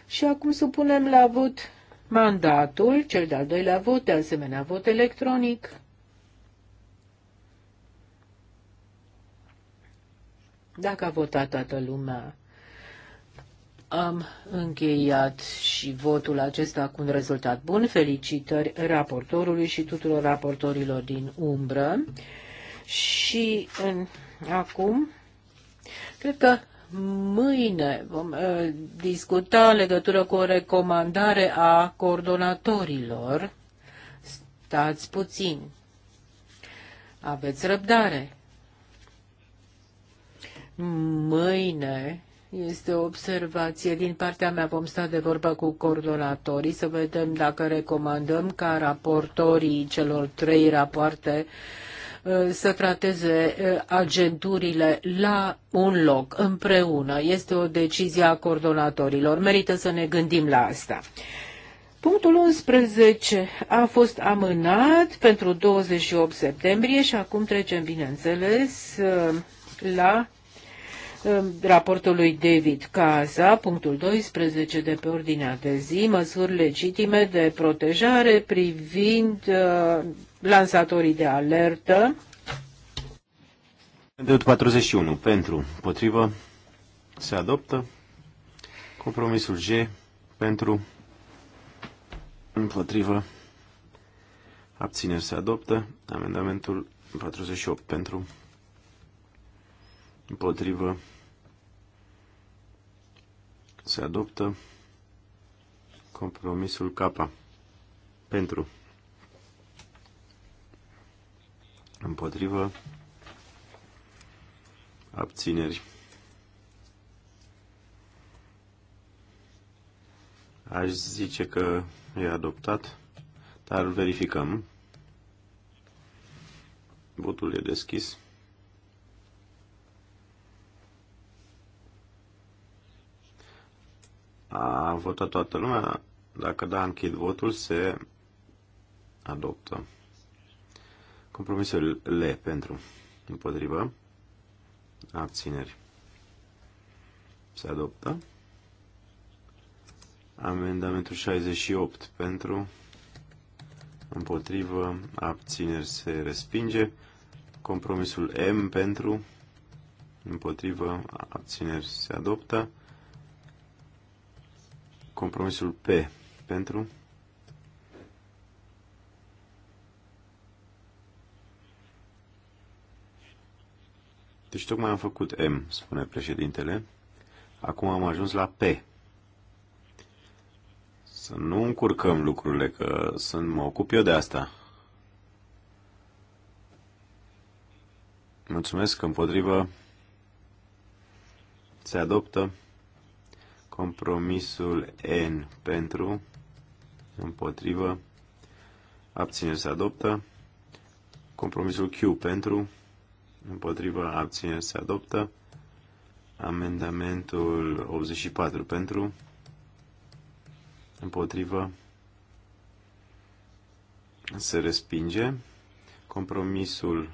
Și acum supunem la vot mandatul, cel de-al doilea vot, de asemenea vot electronic. Dacă a votat toată lumea, am încheiat și votul acesta cu un rezultat bun. Felicitări raportorului și tuturor raportorilor din umbră. Și în, acum, cred că Mâine vom uh, discuta în legătură cu o recomandare a coordonatorilor. Stați puțin. Aveți răbdare. Mâine este o observație din partea mea. Vom sta de vorbă cu coordonatorii să vedem dacă recomandăm ca raportorii celor trei rapoarte uh, Uh, să trateze uh, agenturile la un loc, împreună. Este o decizie a coordonatorilor. Merită să ne gândim la asta. Punctul 11 a fost amânat pentru 28 septembrie și acum trecem, bineînțeles, uh, la raportul lui David Casa, punctul 12 de pe ordinea de zi, măsuri legitime de protejare privind uh, lansatorii de alertă. 41 pentru, potrivă, se adoptă. Compromisul G pentru, împotrivă, abțineri se adoptă. Amendamentul 48 pentru, împotrivă, se adoptă compromisul K pentru împotrivă abțineri. Aș zice că e adoptat, dar verificăm. Votul e deschis. A votat toată lumea? Dacă da, închid votul, se adoptă. Compromisul L pentru, împotrivă, abțineri. Se adoptă. Amendamentul 68 pentru, împotrivă, abțineri se respinge. Compromisul M pentru, împotrivă, abțineri se adoptă. Compromisul P pentru. Deci tocmai am făcut M, spune președintele. Acum am ajuns la P. Să nu încurcăm lucrurile, că să mă ocup eu de asta. Mulțumesc, împotrivă. Se adoptă. Compromisul N pentru, împotrivă, abținere se adoptă. Compromisul Q pentru, împotrivă, abținere se adoptă. Amendamentul 84 pentru, împotrivă, se respinge. Compromisul,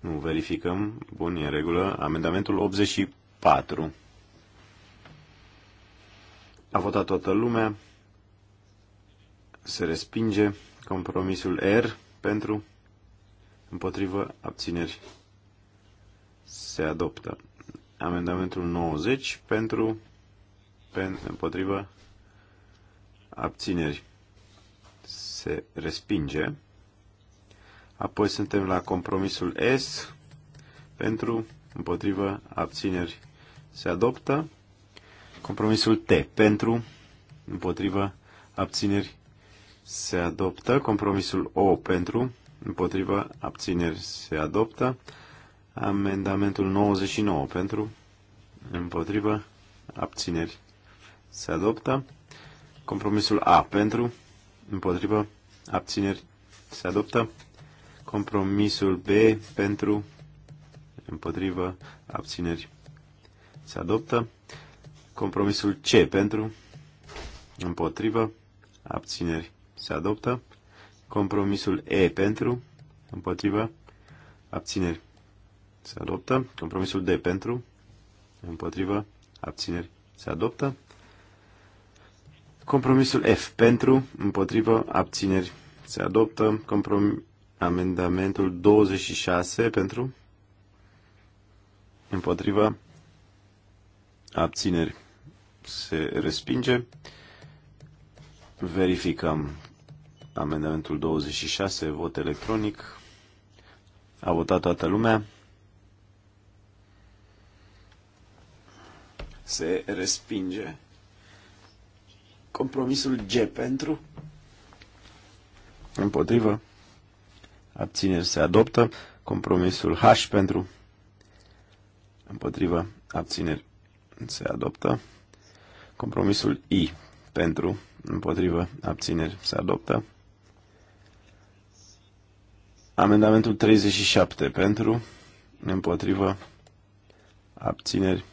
nu verificăm, bun, e în regulă. Amendamentul 84. A votat toată lumea. Se respinge compromisul R pentru împotrivă abțineri. Se adoptă amendamentul 90 pentru pen, împotrivă abțineri. Se respinge. Apoi suntem la compromisul S pentru împotrivă abțineri. Se adoptă. Compromisul T. Pentru, împotrivă, abțineri, se adoptă. Compromisul O. Pentru, împotrivă, abțineri, se adoptă. Amendamentul 99. Pentru, împotrivă, abțineri, se adoptă. Compromisul A. Pentru, împotrivă, abțineri, se adoptă. Compromisul B. Pentru, împotrivă, abțineri, se adoptă. Compromisul C pentru, împotrivă, abțineri se adoptă. Compromisul E pentru, împotrivă, abțineri se adoptă. Compromisul D pentru, împotrivă, abțineri se adoptă. Compromisul F pentru, împotrivă, abțineri se adoptă. Comprom amendamentul 26 pentru, împotrivă, abțineri se respinge. Verificăm amendamentul 26, vot electronic. A votat toată lumea. Se respinge. Compromisul G pentru. Împotrivă. Abțineri se adoptă. Compromisul H pentru. Împotrivă. Abțineri se adoptă. Compromisul I pentru, împotrivă, abțineri se adoptă. Amendamentul 37 pentru, împotrivă, abțineri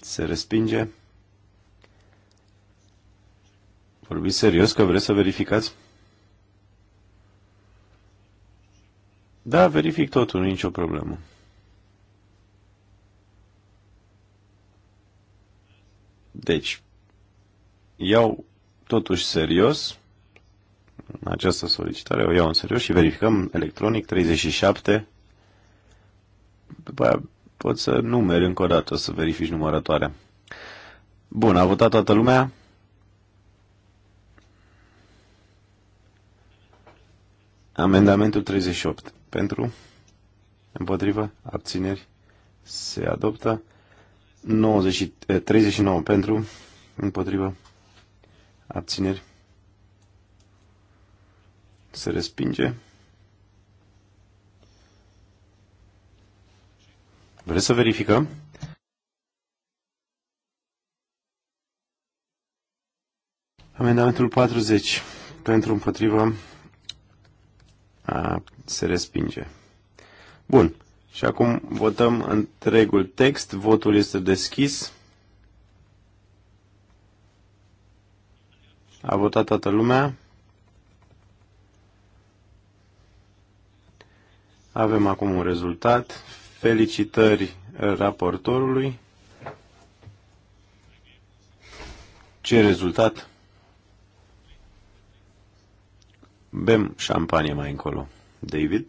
se respinge. Vorbiți serios că vreți să verificați? Da, verific totul, nicio problemă. Deci, iau totuși serios această solicitare, o iau în serios și verificăm electronic 37. După aia pot să numeri încă o dată, să verifici numărătoarea. Bun, a votat toată lumea? Amendamentul 38. Pentru? Împotrivă? Abțineri? Se adoptă. 90, 39 pentru, împotrivă, abțineri, se respinge. Vreți să verificăm? Amendamentul 40 pentru împotrivă a, se respinge. Bun. Și acum votăm întregul text. Votul este deschis. A votat toată lumea. Avem acum un rezultat. Felicitări raportorului. Ce rezultat? Bem șampanie mai încolo. David?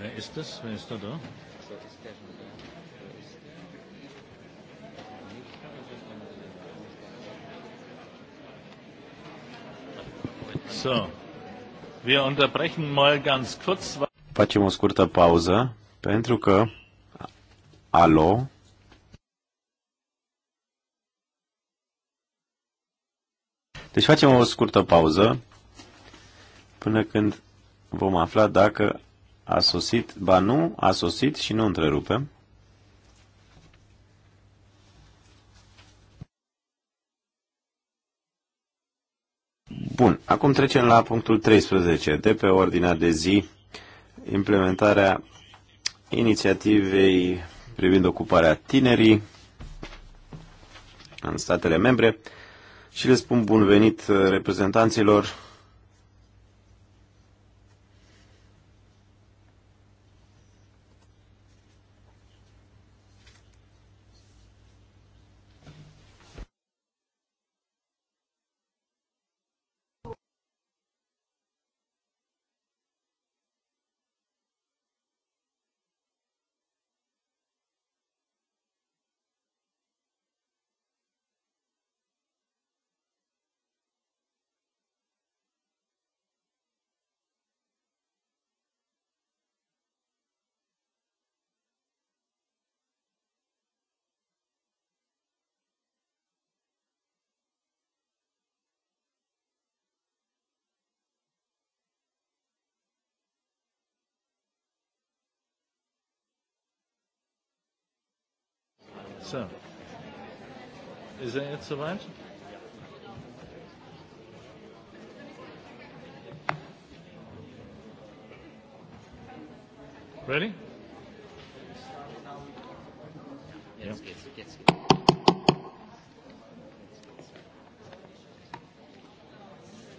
Wer ist das? Wer ist da da? So, wir unterbrechen mal ganz kurz. Facem o scurtă pauză pentru că alo Deci facem o scurtă pauză până când vom afla dacă a sosit, ba nu, a sosit și nu întrerupem. Bun, acum trecem la punctul 13 de pe ordinea de zi, implementarea inițiativei privind ocuparea tinerii în statele membre și le spun bun venit reprezentanților So. Ist er jetzt soweit? Ready?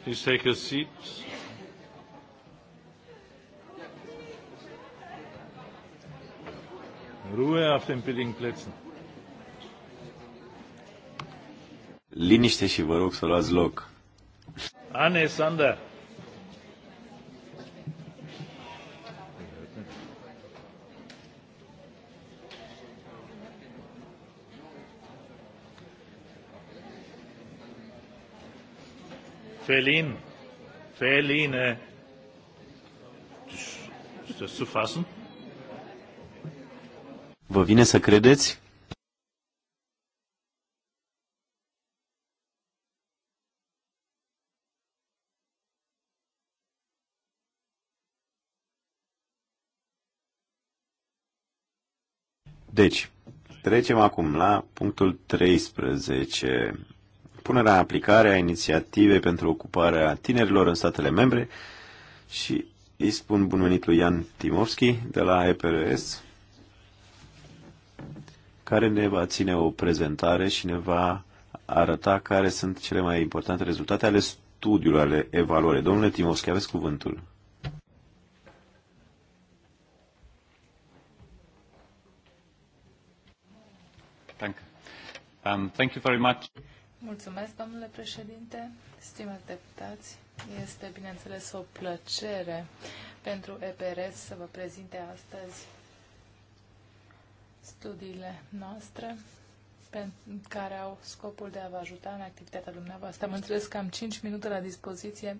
Please take your seats. Ruhe auf den billigen Plätzen. Liniște și vă rog să luați loc. Anne Sander. Felin. Feline. să sufasă? Vă vine să credeți? Deci, trecem acum la punctul 13. Punerea în aplicare a inițiativei pentru ocuparea tinerilor în statele membre și îi spun bun venit lui Ian Timovski de la EPRS, care ne va ține o prezentare și ne va arăta care sunt cele mai importante rezultate ale studiului, ale evaluării. Domnule Timovski, aveți cuvântul. Um, thank you very much. Mulțumesc, domnule președinte, stimați deputați. Este, bineînțeles, o plăcere pentru EPRS să vă prezinte astăzi studiile noastre care au scopul de a vă ajuta în activitatea dumneavoastră. Am înțeles că am 5 minute la dispoziție,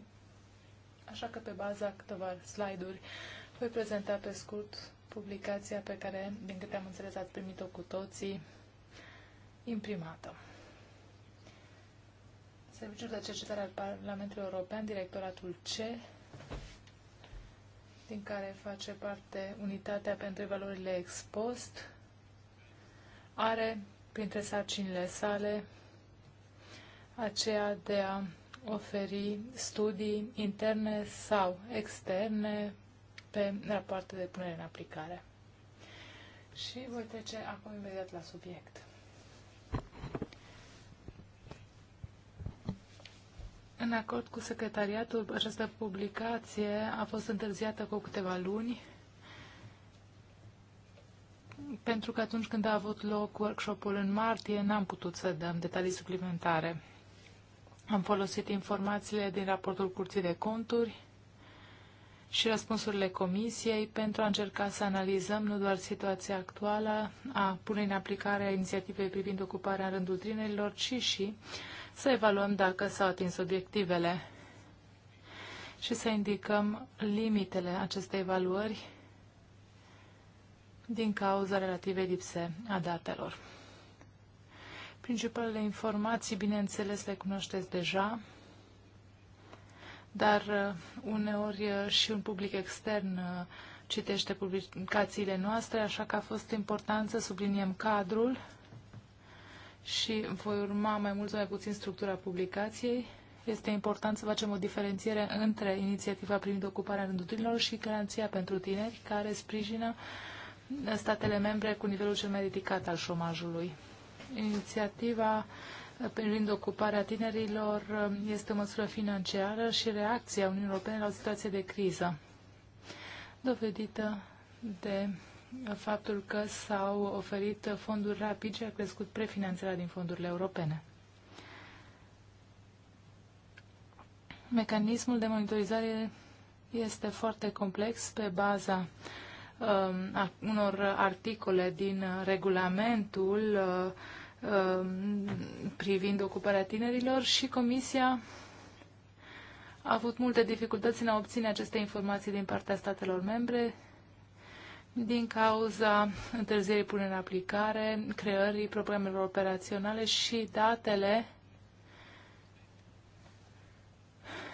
așa că pe baza câteva slide-uri voi prezenta pe scurt publicația pe care, din câte am înțeles, ați primit-o cu toții imprimată. Serviciul de cercetare al Parlamentului European, directoratul C, din care face parte Unitatea pentru Valorile Expost, are printre sarcinile sale aceea de a oferi studii interne sau externe pe rapoarte de punere în aplicare. Și voi trece acum imediat la subiect. În acord cu secretariatul, această publicație a fost întârziată cu câteva luni, pentru că atunci când a avut loc workshopul în martie, n-am putut să dăm detalii suplimentare. Am folosit informațiile din raportul Curții de Conturi și răspunsurile Comisiei pentru a încerca să analizăm nu doar situația actuală a pune în aplicare a inițiativei privind ocuparea în rândul tinerilor, ci și uh, să evaluăm dacă s-au atins obiectivele și să indicăm limitele acestei evaluări din cauza relativei lipse a datelor. Principalele informații, bineînțeles, le cunoașteți deja, dar uh, uneori uh, și un public extern uh, citește publicațiile noastre, așa că a fost important să subliniem cadrul și voi urma mai mult sau mai puțin structura publicației. Este important să facem o diferențiere între inițiativa privind ocuparea rândurilor și garanția pentru tineri, care sprijină statele membre cu nivelul cel mai ridicat al șomajului. Inițiativa privind ocuparea tinerilor este o măsură financiară și reacția Uniunii Europene la o situație de criză dovedită de faptul că s-au oferit fonduri rapide, și a crescut prefinanțarea din fondurile europene. Mecanismul de monitorizare este foarte complex pe baza uh, unor articole din regulamentul uh, uh, privind ocuparea tinerilor și Comisia a avut multe dificultăți în a obține aceste informații din partea statelor membre din cauza întârzierii pune în aplicare, creării programelor operaționale și datele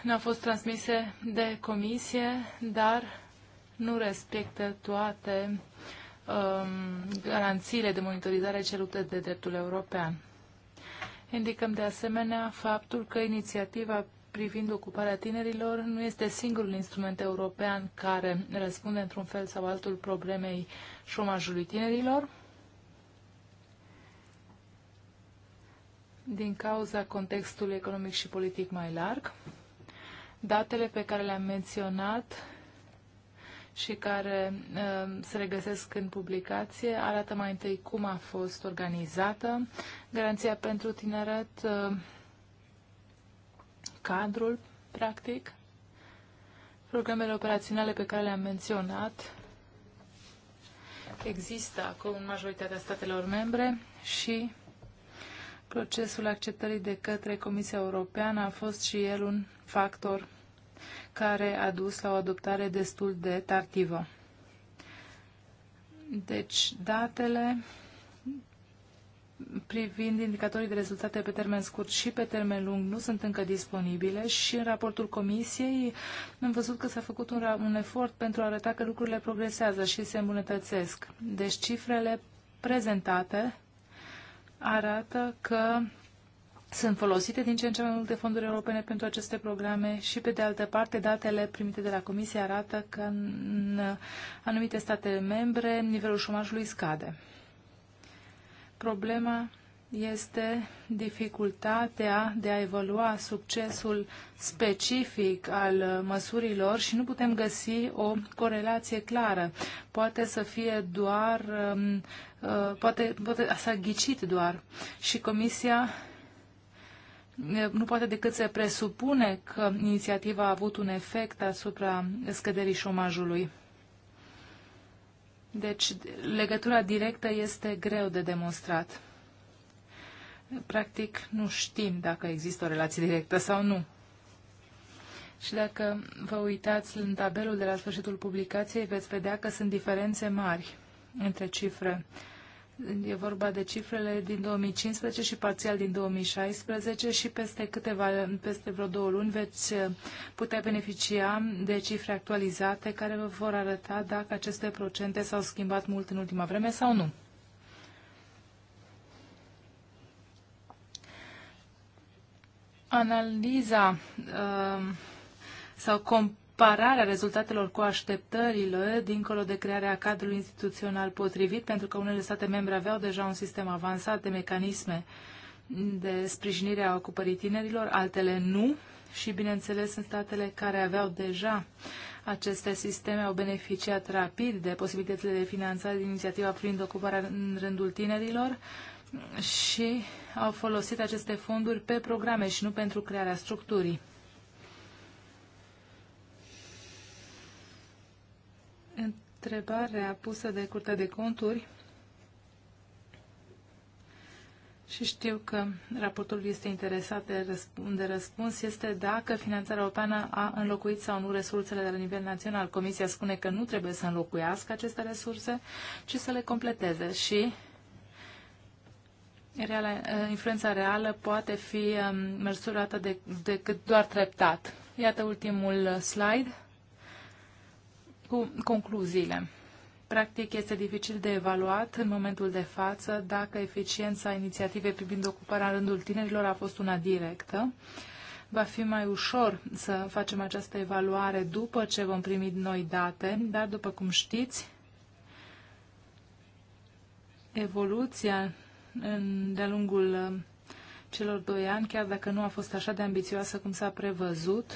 nu au fost transmise de comisie, dar nu respectă toate um, garanțiile de monitorizare cerute de dreptul european. Indicăm de asemenea faptul că inițiativa privind ocuparea tinerilor nu este singurul instrument european care răspunde într-un fel sau altul problemei șomajului tinerilor. Din cauza contextului economic și politic mai larg, datele pe care le-am menționat și care uh, se regăsesc în publicație arată mai întâi cum a fost organizată garanția pentru tineret. Uh, cadrul, practic, programele operaționale pe care le-am menționat există acum în majoritatea statelor membre și procesul acceptării de către Comisia Europeană a fost și el un factor care a dus la o adoptare destul de tardivă. Deci, datele privind indicatorii de rezultate pe termen scurt și pe termen lung nu sunt încă disponibile și în raportul comisiei am văzut că s-a făcut un, un efort pentru a arăta că lucrurile progresează și se îmbunătățesc. Deci cifrele prezentate arată că sunt folosite din ce în ce mai multe fonduri europene pentru aceste programe și, pe de altă parte, datele primite de la Comisie arată că în anumite state membre nivelul șomajului scade. Problema este dificultatea de a evalua succesul specific al măsurilor și nu putem găsi o corelație clară. Poate să fie doar, um, uh, poate, poate s-a ghicit doar și Comisia uh, nu poate decât să presupune că inițiativa a avut un efect asupra scăderii șomajului. Deci legătura directă este greu de demonstrat. Practic nu știm dacă există o relație directă sau nu. Și dacă vă uitați în tabelul de la sfârșitul publicației, veți vedea că sunt diferențe mari între cifre E vorba de cifrele din 2015 și parțial din 2016 și peste, câteva, peste vreo două luni veți putea beneficia de cifre actualizate care vă vor arăta dacă aceste procente s-au schimbat mult în ultima vreme sau nu. Analiza uh, sau comp pararea rezultatelor cu așteptările, dincolo de crearea cadrului instituțional potrivit, pentru că unele state membre aveau deja un sistem avansat de mecanisme de sprijinire a ocupării tinerilor, altele nu. Și, bineînțeles, sunt statele care aveau deja aceste sisteme, au beneficiat rapid de posibilitățile de finanțare din inițiativa privind ocuparea în rândul tinerilor și au folosit aceste fonduri pe programe și nu pentru crearea structurii. întrebarea pusă de Curtea de Conturi și știu că raportul este interesat de, răsp- de răspuns este dacă finanțarea europeană a înlocuit sau nu resursele de la nivel național. Comisia spune că nu trebuie să înlocuiască aceste resurse, ci să le completeze și reala eh, influența reală poate fi eh, măsurată de, doar treptat. Iată ultimul eh, slide cu concluziile. Practic, este dificil de evaluat în momentul de față dacă eficiența inițiativei privind ocuparea în rândul tinerilor a fost una directă. Va fi mai ușor să facem această evaluare după ce vom primi noi date, dar, după cum știți, evoluția de-a lungul uh, celor doi ani, chiar dacă nu a fost așa de ambițioasă cum s-a prevăzut,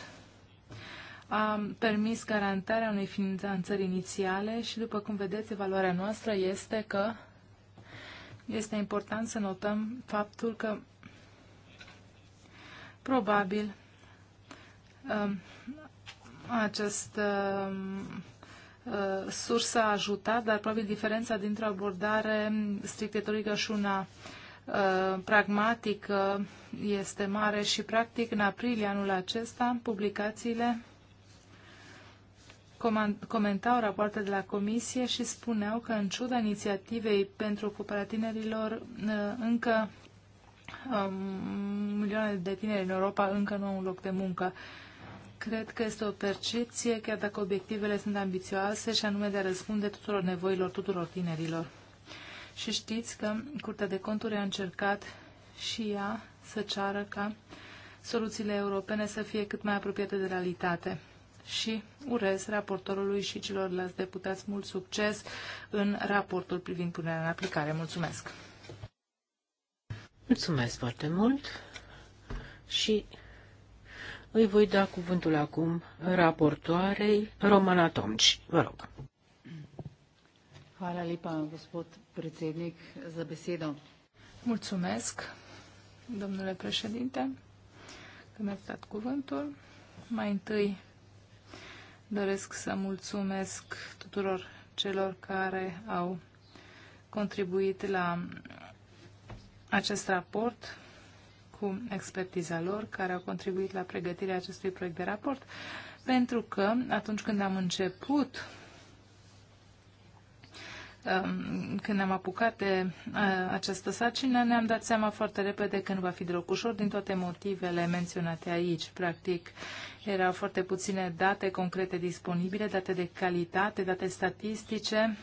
a permis garantarea unei finanțări inițiale și, după cum vedeți, evaluarea noastră este că este important să notăm faptul că probabil um, această um, uh, sursă a ajutat, dar probabil diferența dintre o abordare strict retorică și una uh, pragmatică este mare și, practic, în aprilie anul acesta, publicațiile comentau rapoarte de la comisie și spuneau că în ciuda inițiativei pentru ocuparea tinerilor, uh, încă um, milioane de tineri în Europa încă nu au un loc de muncă. Cred că este o percepție, chiar dacă obiectivele sunt ambițioase, și anume de a răspunde tuturor nevoilor tuturor tinerilor. Și știți că Curtea de Conturi a încercat și ea să ceară ca soluțiile europene să fie cât mai apropiate de realitate și urez raportorului și celorlalți deputați mult succes în raportul privind punerea în aplicare. Mulțumesc! Mulțumesc foarte mult și îi voi da cuvântul acum raportoarei Romana Tomci. Vă rog. Hvala lepa, gospod predsednik, za besedo. Mulțumesc, domnule președinte, că mi-ați dat cuvântul. Mai întâi Doresc să mulțumesc tuturor celor care au contribuit la acest raport cu expertiza lor, care au contribuit la pregătirea acestui proiect de raport, pentru că atunci când am început când ne-am apucat de această sarcină, ne-am dat seama foarte repede că nu va fi deloc ușor din toate motivele menționate aici. Practic, erau foarte puține date concrete disponibile, date de calitate, date statistice.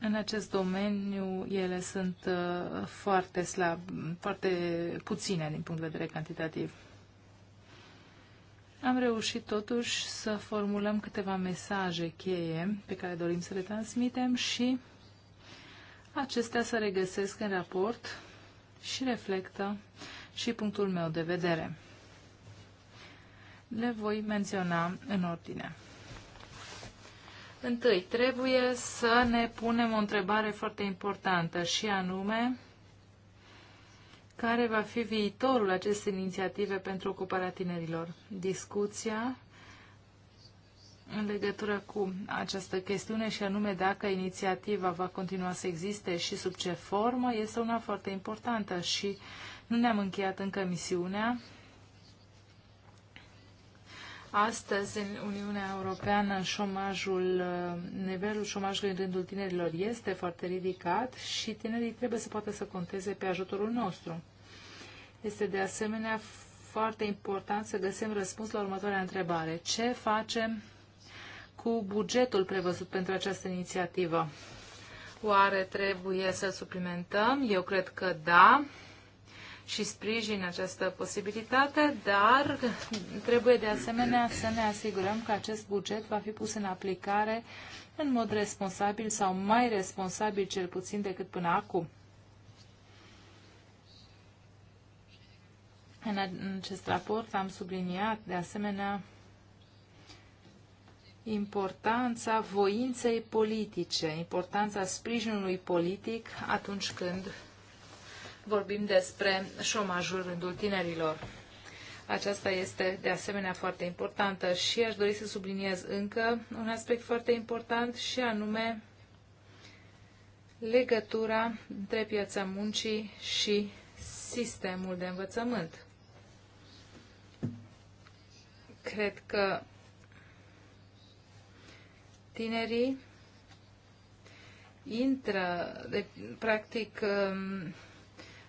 În acest domeniu ele sunt foarte slab, foarte puține din punct de vedere cantitativ. Am reușit totuși să formulăm câteva mesaje cheie pe care dorim să le transmitem și acestea să regăsesc în raport și reflectă și punctul meu de vedere. Le voi menționa în ordine. Întâi, trebuie să ne punem o întrebare foarte importantă și anume, care va fi viitorul acestei inițiative pentru ocuparea tinerilor. Discuția în legătură cu această chestiune și anume dacă inițiativa va continua să existe și sub ce formă este una foarte importantă și nu ne-am încheiat încă misiunea Astăzi, în Uniunea Europeană, șomajul, uh, nivelul șomajului în rândul tinerilor este foarte ridicat și tinerii trebuie să poată să conteze pe ajutorul nostru. Este de asemenea foarte important să găsim răspuns la următoarea întrebare. Ce facem cu bugetul prevăzut pentru această inițiativă? Oare trebuie să suplimentăm? Eu cred că da și sprijin această posibilitate, dar trebuie de asemenea să ne asigurăm că acest buget va fi pus în aplicare în mod responsabil sau mai responsabil cel puțin decât până acum. În acest raport am subliniat de asemenea importanța voinței politice, importanța sprijinului politic atunci când vorbim despre șomajul rândul tinerilor. Aceasta este de asemenea foarte importantă și aș dori să subliniez încă un aspect foarte important și anume legătura între piața muncii și sistemul de învățământ. Cred că tinerii intră, de, practic, um,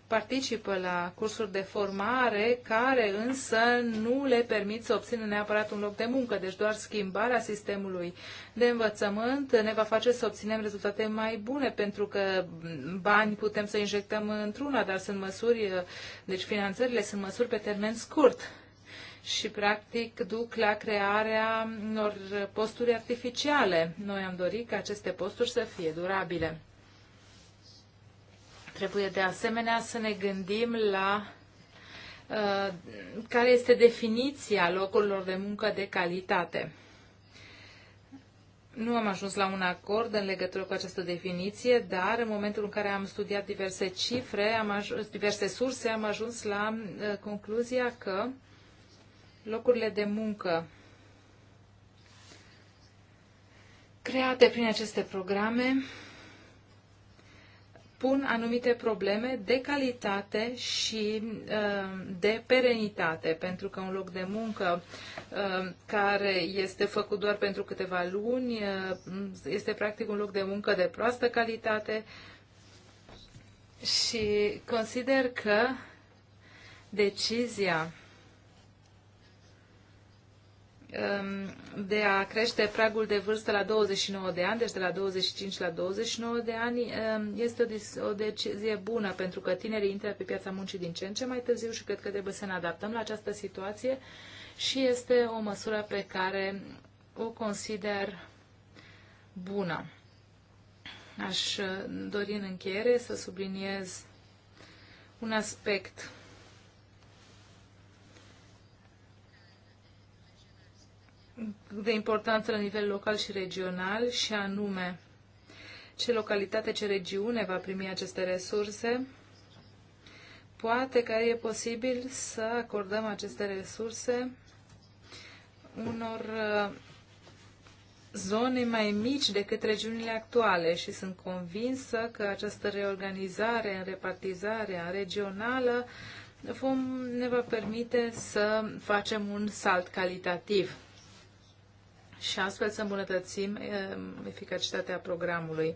participă la cursuri de formare care însă nu le permit să obțină neapărat un loc de muncă. Deci doar schimbarea sistemului de învățământ ne va face să obținem rezultate mai bune pentru că bani putem să injectăm într-una, dar sunt măsuri, deci finanțările sunt măsuri pe termen scurt și practic duc la crearea unor posturi artificiale. Noi am dorit ca aceste posturi să fie durabile. Trebuie de asemenea să ne gândim la uh, care este definiția locurilor de muncă de calitate. Nu am ajuns la un acord în legătură cu această definiție, dar în momentul în care am studiat diverse cifre, am ajuns, diverse surse, am ajuns la uh, concluzia că locurile de muncă create prin aceste programe pun anumite probleme de calitate și uh, de perenitate, pentru că un loc de muncă uh, care este făcut doar pentru câteva luni uh, este practic un loc de muncă de proastă calitate și consider că decizia Um, de a crește pragul de vârstă la 29 de ani, deci de la 25 la 29 de ani, um, este o, decizie bună pentru că tinerii intră pe piața muncii din ce în ce mai târziu și cred că trebuie să ne adaptăm la această situație și este o măsură pe care o consider bună. Aș uh, dori în încheiere să subliniez un aspect de importanță la nivel local și regional și anume ce localitate, ce regiune va primi aceste resurse. Poate că e posibil să acordăm aceste resurse unor uh, zone mai mici decât regiunile actuale și sunt convinsă că această reorganizare în repartizarea regională vom, ne va permite să facem un salt calitativ și astfel să îmbunătățim um, eficacitatea programului.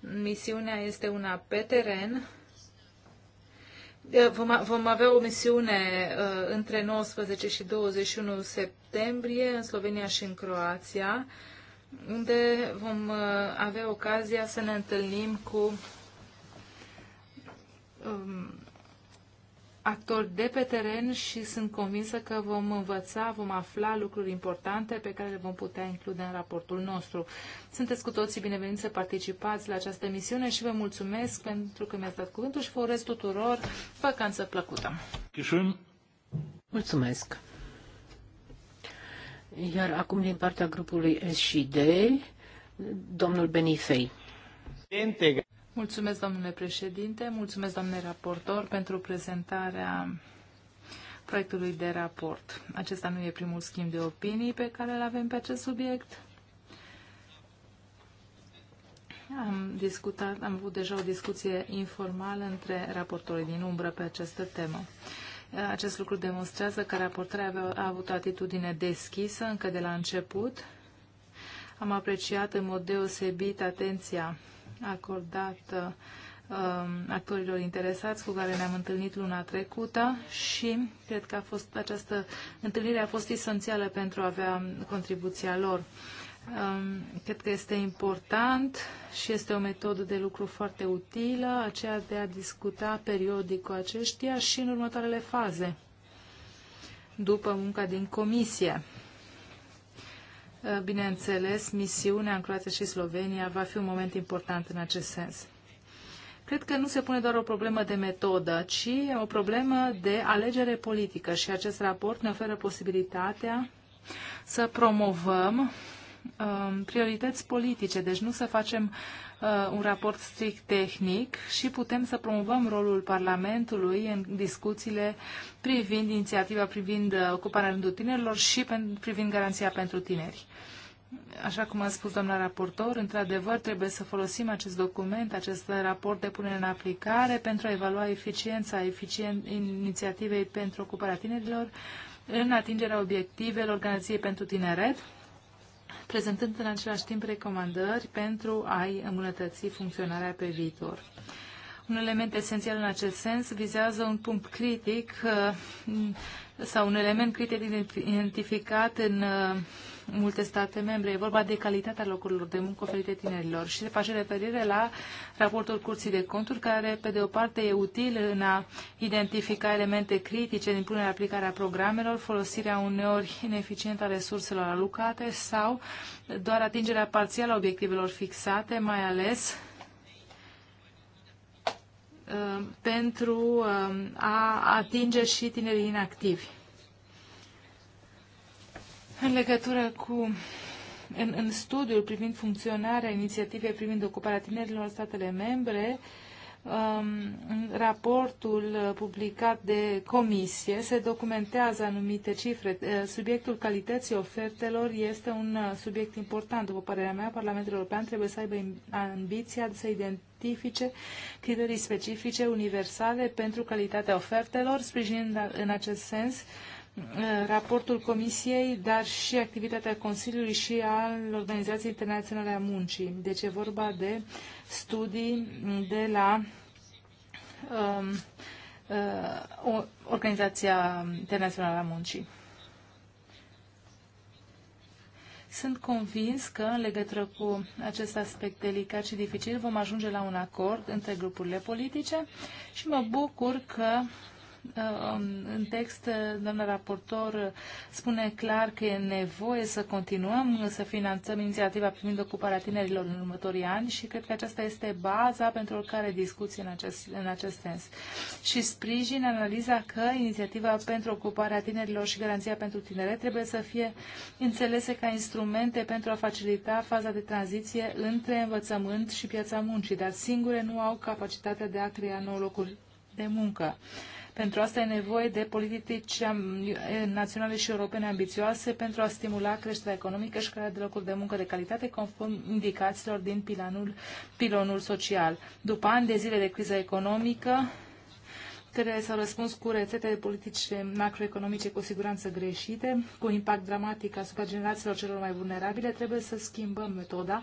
Misiunea este una pe teren. Uh, vom, avea o misiune uh, între 19 și 21 septembrie în Slovenia și în Croația, unde vom uh, avea ocazia să ne întâlnim cu um, actori de pe teren și sunt convinsă că vom învăța, vom afla lucruri importante pe care le vom putea include în raportul nostru. Sunteți cu toții bineveniți să participați la această emisiune și vă mulțumesc pentru că mi-ați dat cuvântul și vă urez tuturor vacanță plăcută. Mulțumesc! Iar acum din partea grupului S și D, domnul Benifei. Mulțumesc, domnule președinte, mulțumesc, domnule raportor, pentru prezentarea proiectului de raport. Acesta nu e primul schimb de opinii pe care îl avem pe acest subiect. Am discutat, am avut deja o discuție informală între raportorii din umbră pe această temă. Acest lucru demonstrează că raportarea a avut o atitudine deschisă încă de la început. Am apreciat în mod deosebit atenția acordată um, actorilor interesați cu care ne-am întâlnit luna trecută și cred că a fost, această întâlnire a fost esențială pentru a avea contribuția lor. Um, cred că este important și este o metodă de lucru foarte utilă, aceea de a discuta periodic cu aceștia și în următoarele faze, după munca din comisie. Eh, bineînțeles, misiunea în Croația și Slovenia va fi un moment important în acest sens. Cred că nu se pune doar o problemă de metodă, ci o problemă de alegere politică și acest raport ne oferă posibilitatea să promovăm ehm, priorități politice, deci nu să facem eh, un raport strict tehnic și putem să promovăm rolul Parlamentului în discuțiile privind inițiativa, privind eh, ocuparea rândul tinerilor și privind garanția pentru tineri. Așa cum a spus doamna raportor, într-adevăr trebuie să folosim acest document, acest raport de punere în aplicare pentru a evalua eficiența eficient, inițiativei pentru ocuparea tinerilor în atingerea obiectivelor Organizației pentru Tineret, prezentând în același timp recomandări pentru a-i îmbunătăți funcționarea pe viitor. Un element esențial în acest sens vizează un punct critic uh, sau un element critic identificat în uh, multe state membre. E vorba de calitatea locurilor de muncă oferite tinerilor. Și se face referire la raportul Curții de Conturi, care, pe de o parte, e util în a identifica elemente critice din punerea aplicarea programelor, folosirea uneori ineficientă a resurselor alocate sau doar atingerea parțială a obiectivelor fixate, mai ales uh, pentru uh, a atinge și tinerii inactivi. În legătură cu în, în studiul privind funcționarea inițiativei privind ocuparea tinerilor în statele membre, um, în raportul uh, publicat de comisie se documentează anumite cifre. Uh, subiectul calității ofertelor este un uh, subiect important. După părerea mea, Parlamentul European trebuie să aibă ambiția să identifice criterii specifice, universale pentru calitatea ofertelor, sprijinind în acest sens uh, raportul Comisiei, dar și activitatea Consiliului și al Organizației Internaționale a Muncii. Deci e vorba de studii de la um, uh, Organizația Internațională a Muncii. Sunt convins că, în legătură cu acest aspect delicat și dificil, vom ajunge la un acord între grupurile politice și mă bucur că în text, doamna raportor spune clar că e nevoie să continuăm să finanțăm inițiativa privind ocuparea tinerilor în următorii ani și cred că aceasta este baza pentru oricare discuție în acest, în acest sens. Și sprijin analiza că inițiativa pentru ocuparea tinerilor și garanția pentru tinere trebuie să fie înțelese ca instrumente pentru a facilita faza de tranziție între învățământ și piața muncii, dar singure nu au capacitatea de a crea nouă locuri de muncă. Pentru asta e nevoie de politici naționale și europene ambițioase pentru a stimula creșterea economică și crearea de locuri de muncă de calitate conform indicațiilor din pilonul social. După ani de zile de criză economică, care s-au răspuns cu rețete de macroeconomice cu siguranță greșite, cu un impact dramatic asupra generațiilor celor mai vulnerabile, trebuie să schimbăm metoda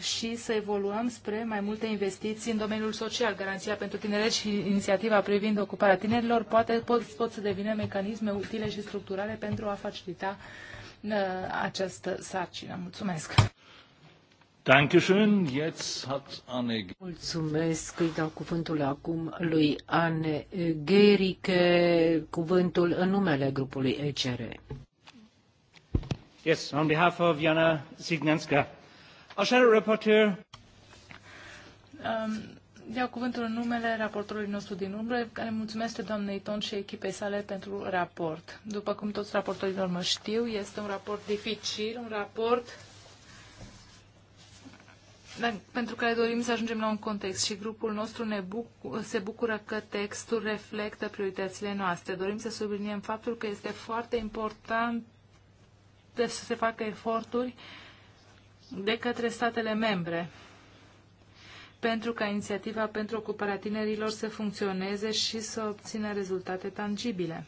și să evoluăm spre mai multe investiții în domeniul social. Garanția pentru tineret și inițiativa privind ocuparea tinerilor poate pot, pot să devină mecanisme utile și structurale pentru a facilita uh, această sarcină. Mulțumesc! Mulțumesc, îi dau cuvântul acum lui Anne Gerike, cuvântul în numele grupului ECR. Yes, on behalf of Jana Signanska, our shadow rapporteur. Um, iau cuvântul în numele raportorului nostru din umbră, care mulțumește doamnei Ton și echipei sale pentru raport. După cum toți raportorii în știu, este un raport dificil, un raport pentru care dorim să ajungem la un context și grupul nostru ne buc- se bucură că textul reflectă prioritățile noastre. Dorim să subliniem faptul că este foarte important să se facă eforturi de către statele membre pentru ca inițiativa pentru ocuparea tinerilor să funcționeze și să obțină rezultate tangibile.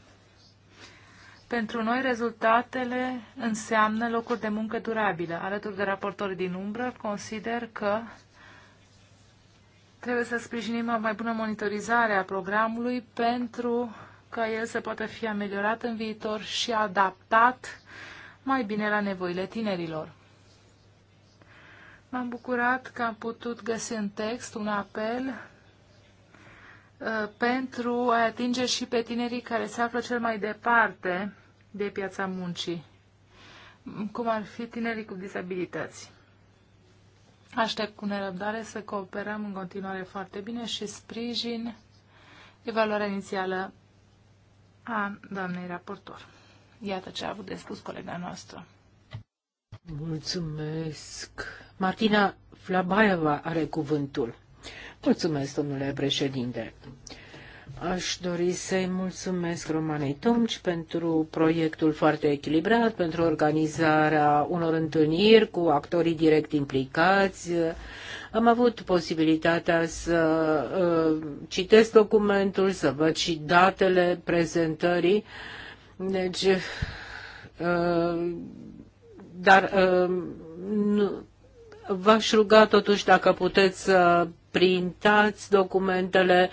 Pentru noi, rezultatele înseamnă locuri de muncă durabile. Alături de raportorii din umbră, consider că trebuie să sprijinim o mai bună monitorizare a programului pentru ca el să poată fi ameliorat în viitor și adaptat mai bine la nevoile tinerilor. M-am bucurat că am putut găsi în text un apel uh, pentru a atinge și pe tinerii care se află cel mai departe de piața muncii, cum ar fi tinerii cu dizabilități. Aștept cu nerăbdare să cooperăm în continuare foarte bine și sprijin evaluarea inițială a doamnei raportor. Iată ce a avut de spus colega noastră. Mulțumesc. Martina Flabaeva are cuvântul. Mulțumesc, domnule președinte. Aș dori să-i mulțumesc Romanei Tomci pentru proiectul foarte echilibrat, pentru organizarea unor întâlniri cu actorii direct implicați. Am avut posibilitatea să uh, citesc documentul, să văd și datele prezentării. Deci, uh, dar uh, nu, v-aș ruga totuși dacă puteți să printați documentele,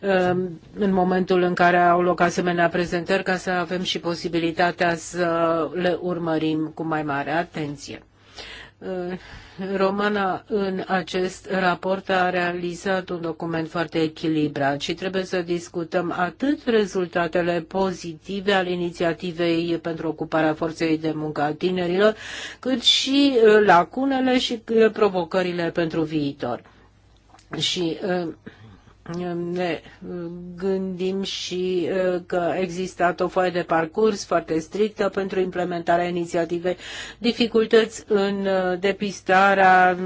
Ehm, în momentul în care au loc asemenea prezentări ca să avem și posibilitatea să le urmărim cu mai mare atenție. Ehm, Romana în acest raport a realizat un document foarte echilibrat și trebuie să discutăm atât rezultatele pozitive ale inițiativei pentru ocuparea forței de muncă a tinerilor, cât și lacunele și provocările pentru viitor. Și uh, ne uh, gândim și uh, că există o foaie de parcurs foarte strictă pentru implementarea inițiativei, dificultăți în uh, depistarea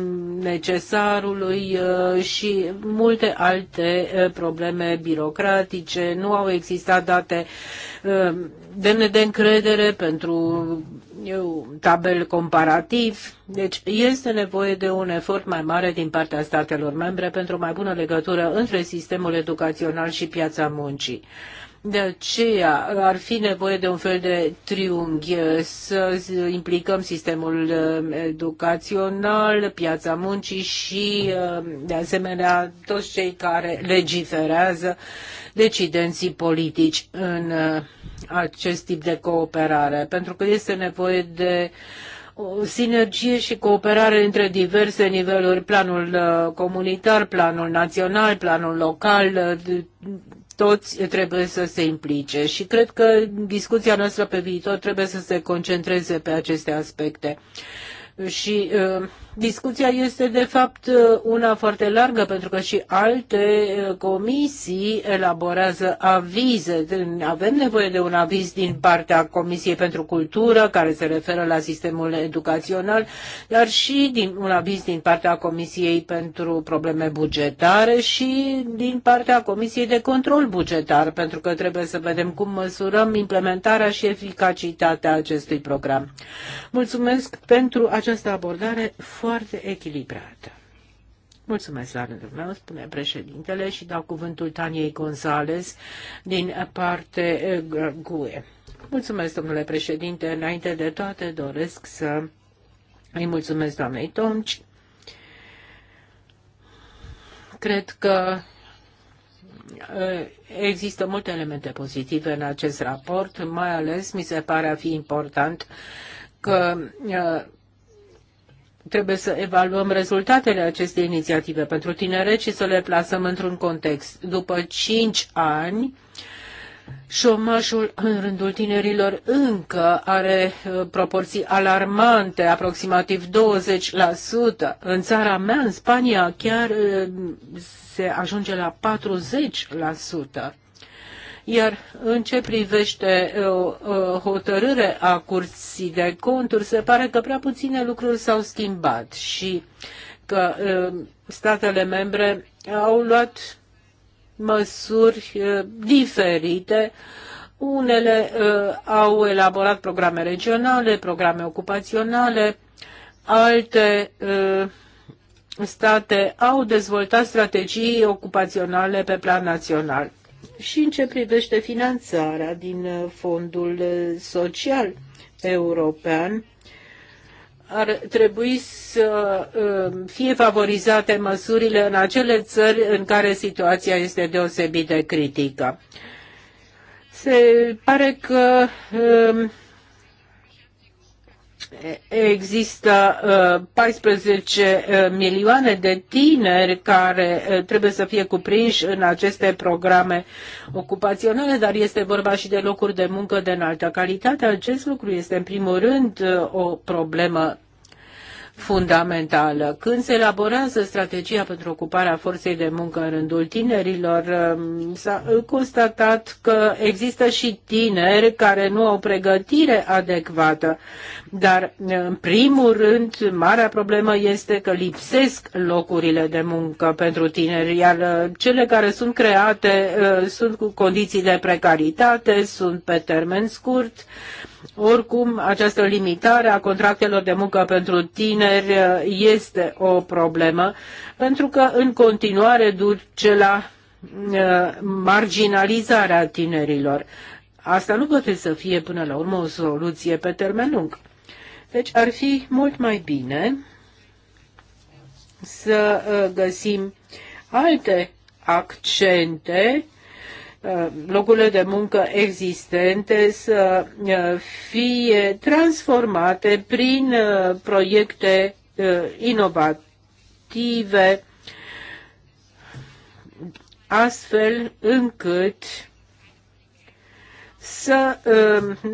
necesarului și multe alte probleme birocratice. Nu au existat date demne de încredere pentru un tabel comparativ. Deci este nevoie de un efort mai mare din partea statelor membre pentru o mai bună legătură între sistemul educațional și piața muncii. De aceea ar fi nevoie de un fel de triunghi eh, să implicăm sistemul eh, educațional, piața muncii și, eh, de asemenea, toți cei care legiferează, decidenții politici în acest tip de cooperare, pentru că este nevoie de o sinergie și cooperare între diverse niveluri, planul comunitar, planul național, planul local, toți trebuie să se implice și cred că discuția noastră pe viitor trebuie să se concentreze pe aceste aspecte. Și uh, Discuția este de fapt una foarte largă pentru că și alte eh, comisii elaborează avize. Avem nevoie de un aviz din partea Comisiei pentru Cultură care se referă la sistemul educațional, dar și din, un aviz din partea Comisiei pentru probleme bugetare și din partea Comisiei de control bugetar, pentru că trebuie să vedem cum măsurăm implementarea și eficacitatea acestui program. Mulțumesc pentru această abordare foarte echilibrată. Mulțumesc la rândul meu, spune președintele și dau cuvântul Taniei Gonzales din parte uh, GUE. Mulțumesc, domnule președinte. Înainte de toate, doresc să îi mulțumesc doamnei Tomci. Cred că uh, există multe elemente pozitive în acest raport, mai ales mi se pare a fi important că uh, trebuie să evaluăm rezultatele acestei inițiative pentru tineret și să le plasăm într-un context. După 5 ani, Șomajul în rândul tinerilor încă are uh, proporții alarmante, aproximativ 20%. În țara mea, în Spania, chiar uh, se ajunge la 40%. Iar în ce privește uh, uh, hotărâre a curții de conturi, se pare că prea puține lucruri s-au schimbat și că uh, statele membre au luat măsuri diferite unele au elaborat programe regionale, programe ocupaționale, alte state au dezvoltat strategii ocupaționale pe plan național. Și în ce privește finanțarea din Fondul Social European, ar trebui să um, fie favorizate măsurile în acele țări în care situația este deosebit de critică. Se pare că um, Există uh, 14 uh, milioane de tineri care uh, trebuie să fie cuprinși în aceste programe ocupaționale, dar este vorba și de locuri de muncă de înaltă calitate. Acest lucru este, în primul rând, uh, o problemă fundamentală. Când se elaborează strategia pentru ocuparea forței de muncă în rândul tinerilor, um, s-a constatat că există și tineri care nu au pregătire adecvată, dar um, în primul rând, marea problemă este că lipsesc locurile de muncă pentru tineri, iar uh, cele care sunt create uh, sunt cu condiții de precaritate, sunt pe termen scurt, oricum, această limitare a contractelor de muncă pentru tineri uh, este o problemă, pentru că în continuare duce la uh, marginalizarea tinerilor. Asta nu poate să fie până la urmă o soluție pe termen lung. Deci ar fi mult mai bine să uh, găsim alte accente Uh, locurile de muncă existente să uh, fie transformate prin uh, proiecte inovative, astfel încât să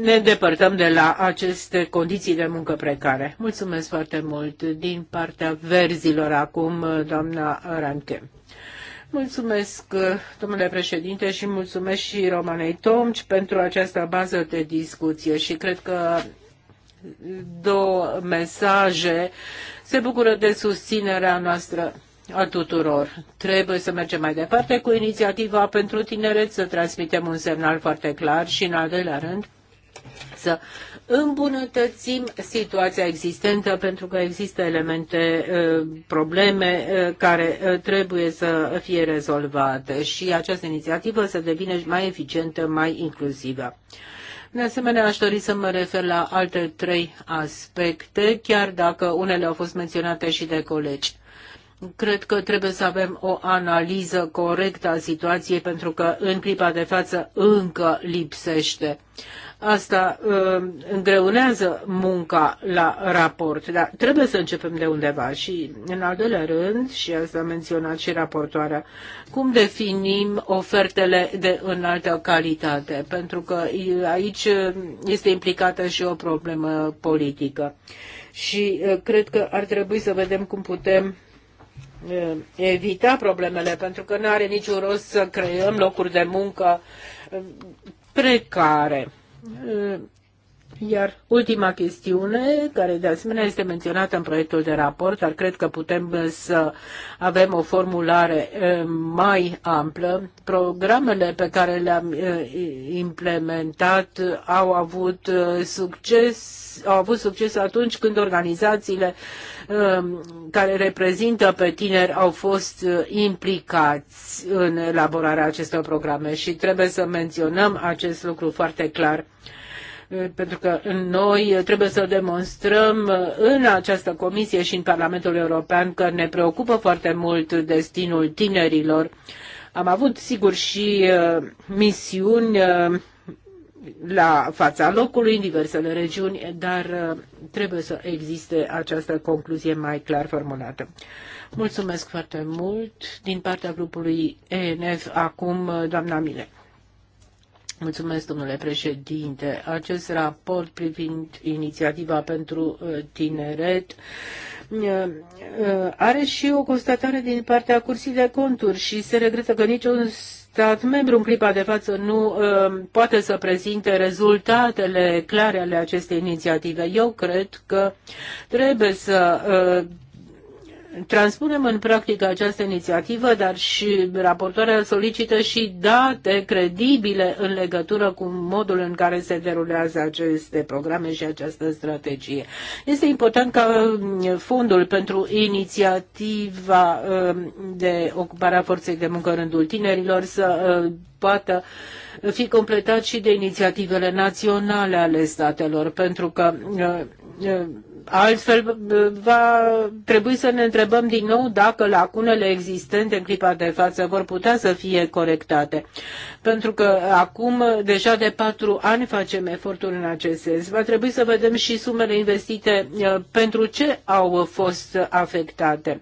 ne îndepărtăm de la aceste condiții de muncă precare. Mulțumesc foarte mult din partea verzilor acum, doamna Ranche. Mulțumesc, uh, domnule președinte, și mulțumesc și Romanei Tomci pentru această bază de discuție și cred că două mesaje se bucură de susținerea noastră a tuturor. Trebuie să mergem mai departe cu inițiativa pentru tineret, să transmitem un semnal foarte clar și, în al doilea rând, să îmbunătățim situația existentă pentru că există elemente, probleme care trebuie să fie rezolvate și această inițiativă să devină mai eficientă, mai inclusivă. De asemenea, aș dori să mă refer la alte trei aspecte, chiar dacă unele au fost menționate și de colegi. Cred că trebuie să avem o analiză corectă a situației, pentru că în clipa de față încă lipsește. Asta uh, um, îngreunează munca la raport, dar trebuie să începem de undeva și, în al doilea rând, și asta a menționat și raportoarea, cum definim ofertele de înaltă calitate, pentru că uh, aici uh, este implicată și o problemă politică. Și uh, cred că ar trebui să vedem cum putem uh, evita problemele, pentru că nu are niciun rost să creăm locuri de muncă precare. Eh, iar ultima chestiune, care de asemenea este menționată în proiectul de raport, dar cred că putem să avem o formulare eh, mai amplă. Programele pe care le-am eh, implementat au avut succes, au avut succes atunci când organizațiile Um, care reprezintă pe tineri au fost uh, implicați în elaborarea acestor programe și trebuie să menționăm acest lucru foarte clar uh, pentru că noi trebuie să demonstrăm uh, în această comisie și în Parlamentul European că ne preocupă foarte mult destinul tinerilor. Am avut, sigur, și misiuni la fața locului în diversele regiuni, dar uh, trebuie să existe această concluzie mai clar formulată. Mulțumesc foarte mult din partea grupului ENF, acum uh, doamna Mile. Mulțumesc, domnule președinte. Acest raport privind inițiativa pentru uh, tineret are și o constatare din partea Cursii de Conturi și se regretă că niciun stat membru în clipa de față nu uh, poate să prezinte rezultatele clare ale acestei inițiative. Eu cred că trebuie să uh, transpunem în practică această inițiativă, dar și raportoarea solicită și date credibile în legătură cu modul în care se derulează aceste programe și această strategie. Este important ca uh, fondul pentru inițiativa uh, de ocupare a forței de muncă în rândul tinerilor să uh, poată fi completat și de inițiativele naționale ale statelor, pentru că Altfel va trebui să ne întrebăm din nou dacă lacunele existente în clipa de față vor putea să fie corectate. Pentru că acum, deja de patru ani, facem eforturi în acest sens. Va trebui să vedem și sumele investite uh, pentru ce au fost afectate.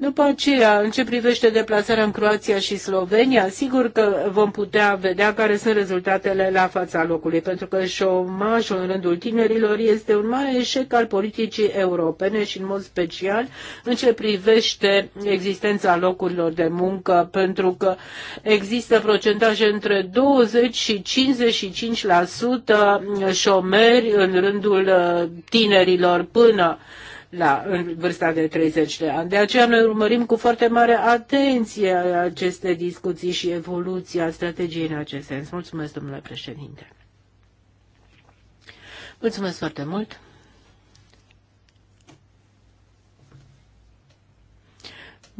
După aceea, în ce privește deplasarea în Croația și Slovenia, sigur că vom putea vedea care sunt rezultatele la fața locului, pentru că șomajul în rândul tinerilor este un mare eșec al politicii europene și în mod special în ce privește existența locurilor de muncă, pentru că există procentaje între 20 și 55% șomeri în rândul uh, tinerilor până la în vârsta de 30 de ani. De aceea noi urmărim cu foarte mare atenție aceste discuții și evoluția strategiei în acest sens. Mulțumesc, domnule președinte. Mulțumesc foarte mult.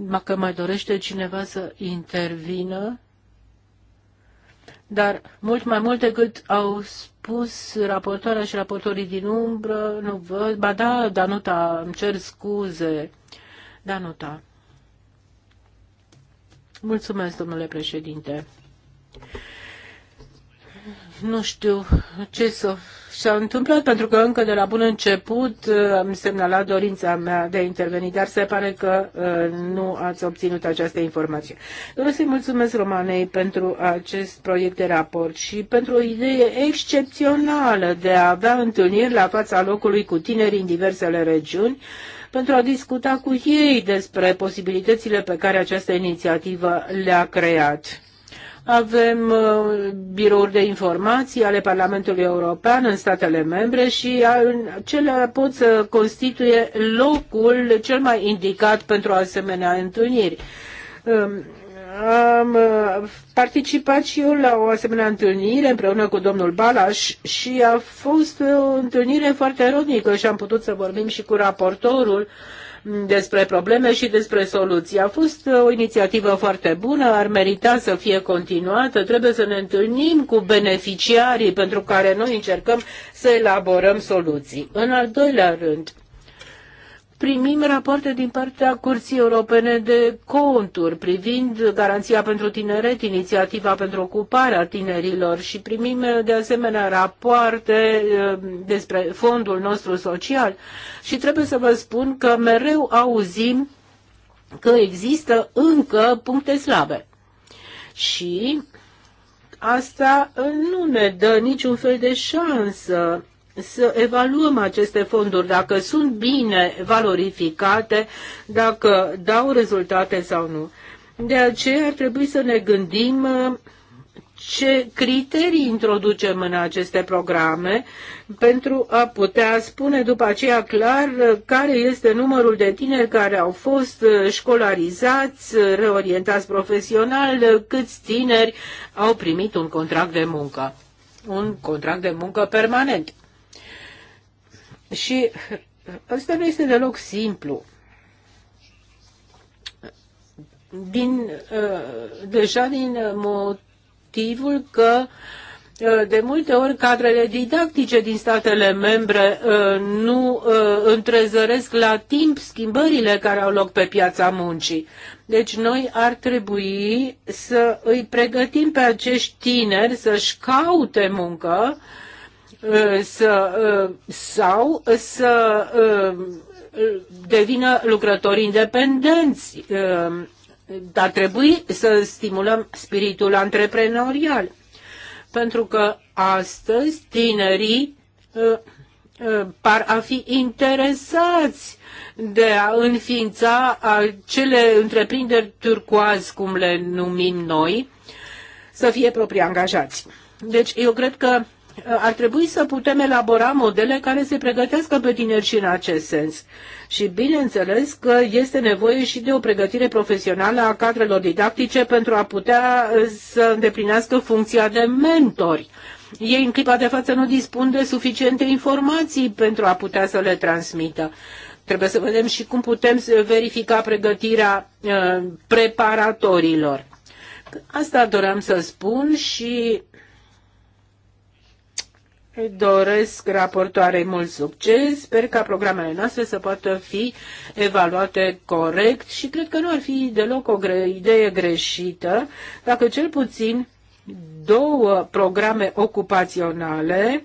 Dacă mai dorește cineva să intervină, dar mult mai mult decât au spus raportoarea și raportorii din umbră, nu văd, ba da, Danuta, îmi cer scuze, Danuta. Mulțumesc, domnule președinte nu știu ce s-a întâmplat, pentru că încă de la bun început uh, am semnalat dorința mea de a interveni, dar se pare că uh, nu ați obținut această informație. Vreau să-i mulțumesc Romanei pentru acest proiect de raport și pentru o idee excepțională de a avea întâlniri la fața locului cu tineri în diversele regiuni, pentru a discuta cu ei despre posibilitățile pe care această inițiativă le-a creat avem uh, birouri de informații ale Parlamentului European în statele membre și uh, acelea pot să constituie locul cel mai indicat pentru asemenea întâlniri um, am uh, participat și eu la o asemenea întâlnire împreună cu domnul Balaș și a fost o întâlnire foarte rodnică și am putut să vorbim și cu raportorul despre probleme și despre soluții. A fost uh, o inițiativă foarte bună, ar merita să fie continuată, trebuie să ne întâlnim cu beneficiarii pentru care noi încercăm să elaborăm soluții. În al doilea rând, primim rapoarte din partea Curții Europene de Conturi privind garanția pentru tineret, inițiativa pentru ocuparea tinerilor și primim de asemenea rapoarte eh, despre fondul nostru social și trebuie să vă spun că mereu auzim că există încă puncte slabe. Și asta nu ne dă niciun fel de șansă să evaluăm aceste fonduri, dacă sunt bine valorificate, dacă dau rezultate sau nu. De aceea ar trebui să ne gândim uh, ce criterii introducem în aceste programe pentru a putea spune după aceea clar uh, care este numărul de tineri care au fost uh, școlarizați, reorientați profesional, câți tineri au primit un contract de muncă, un contract de muncă permanent. Și ăsta nu este deloc simplu. Din, uh, deja din motivul că uh, de multe ori cadrele didactice din statele membre uh, nu întrezăresc la timp schimbările care au loc pe piața muncii. Deci noi ar trebui să îi pregătim pe acești tineri să-și caute muncă Uh, să, uh, sau să uh, devină lucrători independenți. Dar trebuie să stimulăm spiritul antreprenorial. Pentru că astăzi tinerii par a fi interesați de a înființa acele întreprinderi turcoazi, cum le numim noi, să fie proprii angajați. Deci eu cred că ar trebui să putem elabora modele care se pregătească pe tineri și în acest sens. Și bineînțeles că este nevoie și de o pregătire profesională a cadrelor didactice pentru a putea uh, să îndeplinească funcția de mentori. Ei în clipa de față nu dispun de suficiente informații pentru a putea să le transmită. Trebuie să vedem și cum putem verifica pregătirea uh, preparatorilor. Asta doream să spun și Doresc raportoarei mult succes, sper ca programele noastre să poată fi evaluate corect și cred că nu ar fi deloc o gre- idee greșită dacă cel puțin două programe ocupaționale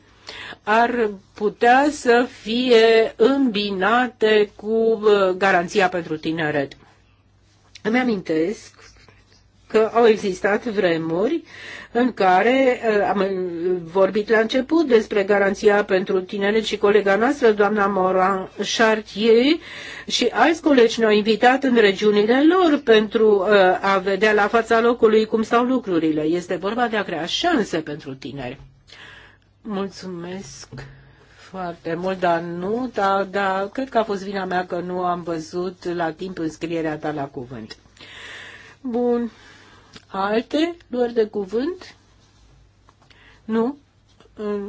ar putea să fie îmbinate cu uh, garanția pentru tineret. Îmi amintesc că au existat vremuri în care uh, am vorbit la început despre garanția pentru tineri și colega noastră, doamna Moran Chartier, și alți colegi ne-au invitat în regiunile lor pentru uh, a vedea la fața locului cum stau lucrurile. Este vorba de a crea șanse pentru tineri. Mulțumesc foarte mult, dar nu, dar, dar cred că a fost vina mea că nu am văzut la timp înscrierea ta la cuvânt. Bun. Alte luări de cuvânt? Nu?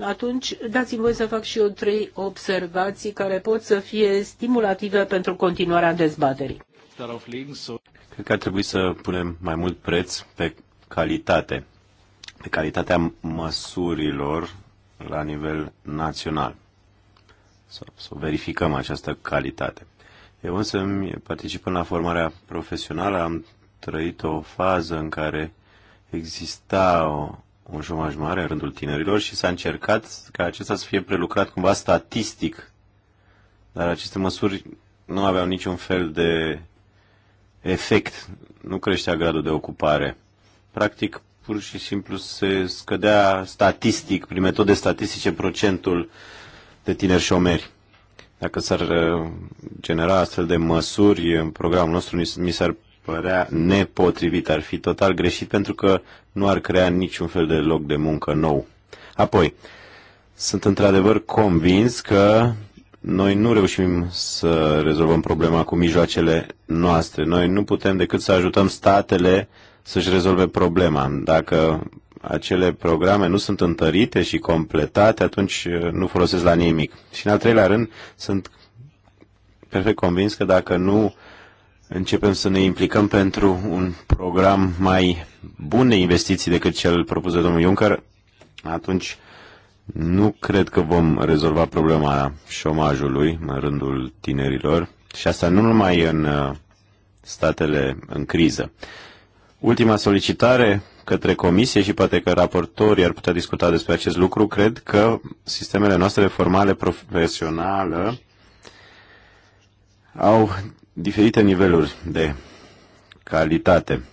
Atunci dați-mi voi să fac și eu trei observații care pot să fie stimulative pentru continuarea dezbaterii. Cred că ar trebui să punem mai mult preț pe calitate, pe calitatea măsurilor la nivel național. Să, să verificăm această calitate. Eu însă participând la formarea profesională am trăit o fază în care exista o, un șomaj mare în rândul tinerilor și s-a încercat ca acesta să fie prelucrat cumva statistic. Dar aceste măsuri nu aveau niciun fel de efect, nu creștea gradul de ocupare. Practic, pur și simplu se scădea statistic, prin metode statistice, procentul de tineri șomeri. Dacă s-ar uh, genera astfel de măsuri în programul nostru, mi s-ar părea nepotrivit, ar fi total greșit pentru că nu ar crea niciun fel de loc de muncă nou. Apoi, sunt într-adevăr convins că noi nu reușim să rezolvăm problema cu mijloacele noastre. Noi nu putem decât să ajutăm statele să-și rezolve problema. Dacă acele programe nu sunt întărite și completate, atunci uh, nu folosesc la nimic. Și în al treilea rând, sunt perfect convins că dacă nu începem să ne implicăm pentru un program mai bun de investiții decât cel propus de domnul Juncker, atunci nu cred că vom rezolva problema șomajului în rândul tinerilor și asta nu numai în uh, statele în criză. Ultima solicitare către comisie și poate că raportorii ar putea discuta despre acest lucru, cred că sistemele noastre formale profesionale au diferite niveluri de calitate.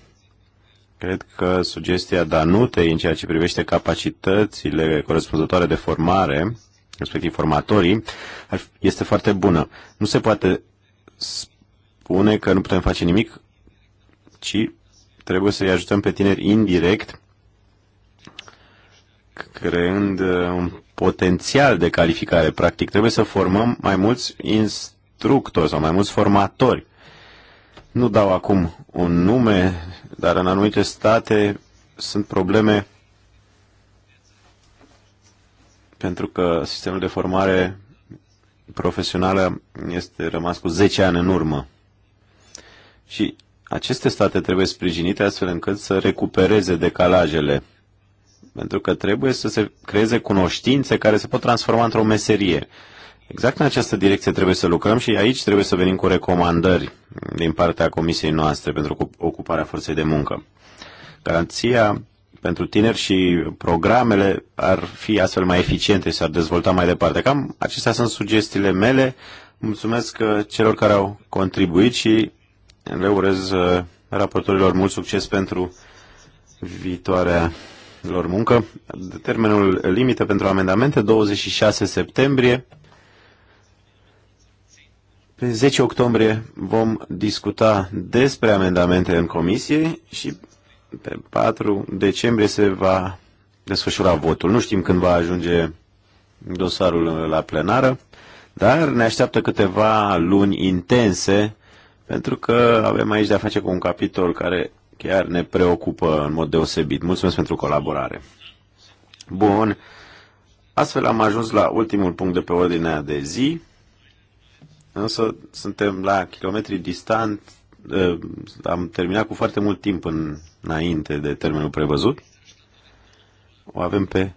Cred că sugestia Danutei în ceea ce privește capacitățile corespunzătoare de formare, respectiv formatorii, este foarte bună. Nu se poate spune că nu putem face nimic, ci trebuie să-i ajutăm pe tineri indirect, creând un potențial de calificare. Practic, trebuie să formăm mai mulți instituții instructori sau mai mulți formatori. Nu dau acum un nume, dar în anumite state sunt probleme pentru că sistemul de formare profesională este rămas cu 10 ani în urmă. Și aceste state trebuie sprijinite astfel încât să recupereze decalajele. Pentru că trebuie să se creeze cunoștințe care se pot transforma într-o meserie. Exact în această direcție trebuie să lucrăm și aici trebuie să venim cu recomandări din partea comisiei noastre pentru ocuparea forței de muncă. Garanția pentru tineri și programele ar fi astfel mai eficiente și s-ar dezvolta mai departe. Cam acestea sunt sugestiile mele. Mulțumesc uh, celor care au contribuit și le urez uh, raportorilor mult succes pentru viitoarea lor muncă. Termenul limită pentru amendamente 26 septembrie pe 10 octombrie vom discuta despre amendamente în comisie și pe 4 decembrie se va desfășura votul. Nu știm când va ajunge dosarul la plenară, dar ne așteaptă câteva luni intense pentru că avem aici de a face cu un capitol care chiar ne preocupă în mod deosebit. Mulțumesc pentru colaborare. Bun. Astfel am ajuns la ultimul punct de pe ordinea de zi însă suntem la kilometri distant, ă, am terminat cu foarte mult timp înainte de termenul prevăzut. O avem pe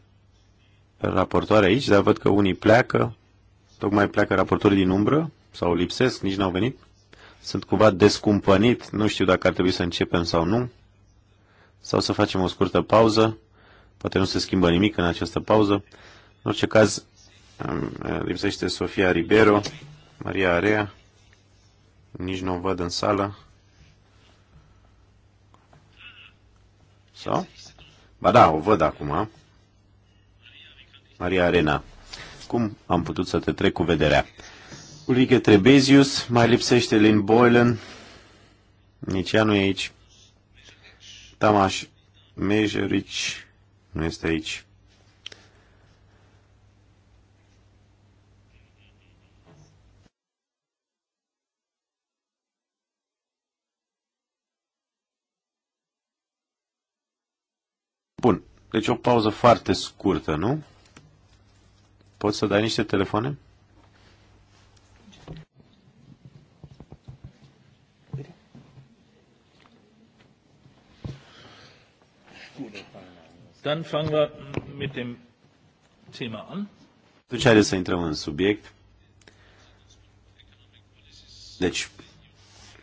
raportoare aici, dar văd că unii pleacă, tocmai pleacă raportorii din umbră sau lipsesc, nici n-au venit. Sunt cumva descumpănit, nu știu dacă ar trebui să începem sau nu, sau să facem o scurtă pauză, poate nu se schimbă nimic în această pauză. În orice caz, lipsește Sofia Ribeiro. Maria Area, nici nu o văd în sală. Sau? Ba da, o văd acum. Maria Arena. Cum am putut să te trec cu vederea? Ulrike Trebezius, mai lipsește Lynn Boylan, nici ea nu e aici. Tamaș Mejerici nu este aici. Deci o pauză foarte scurtă, nu? Poți să dai niște telefoane? Dann fangen wir mit dem Thema an. Atunci deci, haideți să intrăm în subiect. Deci,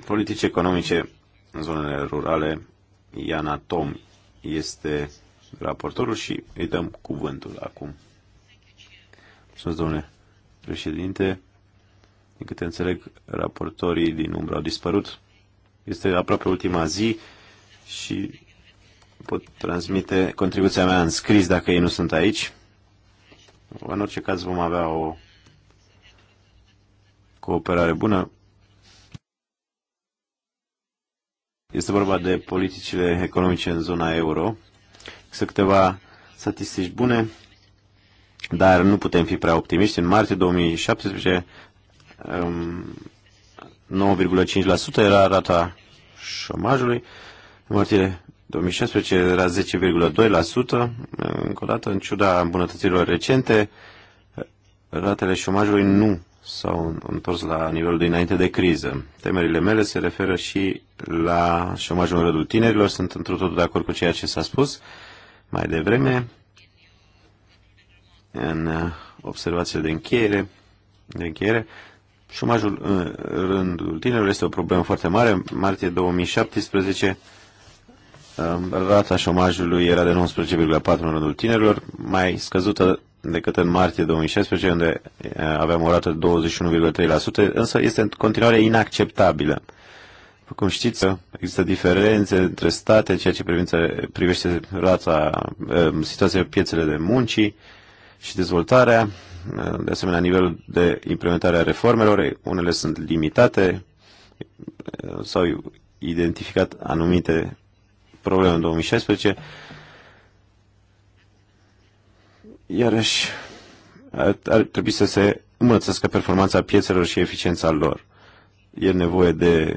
politici economice în zonele rurale, Iana Tom este raportorul și îi dăm cuvântul acum. Mulțumesc, domnule președinte. Din câte înțeleg, raportorii din umbră au dispărut. Este aproape ultima zi și pot transmite contribuția mea în scris dacă ei nu sunt aici. În orice caz vom avea o cooperare bună. Este vorba de politicile economice în zona euro sunt câteva statistici bune, dar nu putem fi prea optimiști. În martie 2017, 9,5% um, era rata șomajului. În martie 2016 era 10,2%. Încă o dată, în ciuda îmbunătățirilor recente, ratele șomajului nu s-au întors la nivelul de înainte de criză. Temerile mele se referă și la șomajul în rândul tinerilor. Sunt într totul de acord cu ceea ce s-a spus. Uh, mai devreme. În uh, observațiile de încheiere, de încheiere șomajul în uh, rândul tinerilor este o problemă foarte mare. În martie 2017 um, rata șomajului era de 19,4 în rândul tinerilor, mai scăzută decât în martie 2016, unde uh, aveam o rată de 21,3%, însă este în continuare inacceptabilă cum știți, există diferențe între state ceea ce privință, privește rata, eh, situația piețele de muncii și dezvoltarea, de asemenea nivelul de implementare a reformelor, eh, unele sunt limitate, eh, s-au identificat anumite probleme în 2016, iarăși ar, ar trebui să se îmbunătățească performanța piețelor și eficiența lor. E nevoie de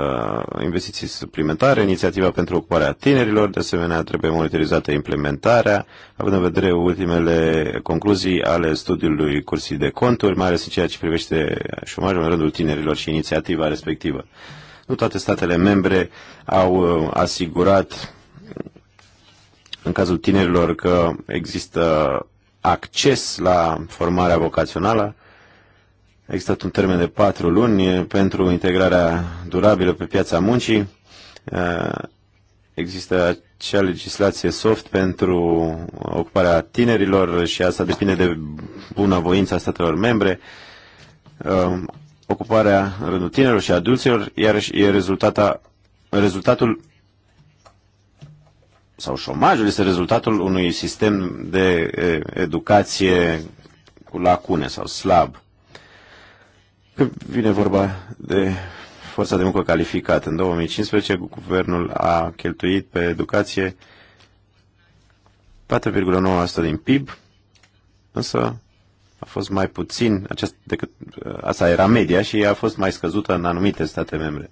Uh, investiții suplimentare, inițiativa pentru ocuparea tinerilor, de asemenea trebuie monitorizată implementarea, având în vedere ultimele concluzii ale studiului Cursii de Conturi, mai ales în ceea ce privește șomajul în rândul tinerilor și inițiativa respectivă. Nu toate statele membre au uh, asigurat în cazul tinerilor că există acces la formarea vocațională, a existat un termen de patru luni pentru integrarea durabilă pe piața muncii. Există acea legislație soft pentru ocuparea tinerilor și asta depinde de bună voință a statelor membre. Ocuparea rândul tinerilor și adulților, iarăși e rezultata, rezultatul sau șomajul este rezultatul unui sistem de educație cu lacune sau slab vine vorba de forța de muncă calificată. În 2015, guvernul a cheltuit pe educație 4,9% din PIB, însă a fost mai puțin, acest, decât, asta era media și a fost mai scăzută în anumite state membre.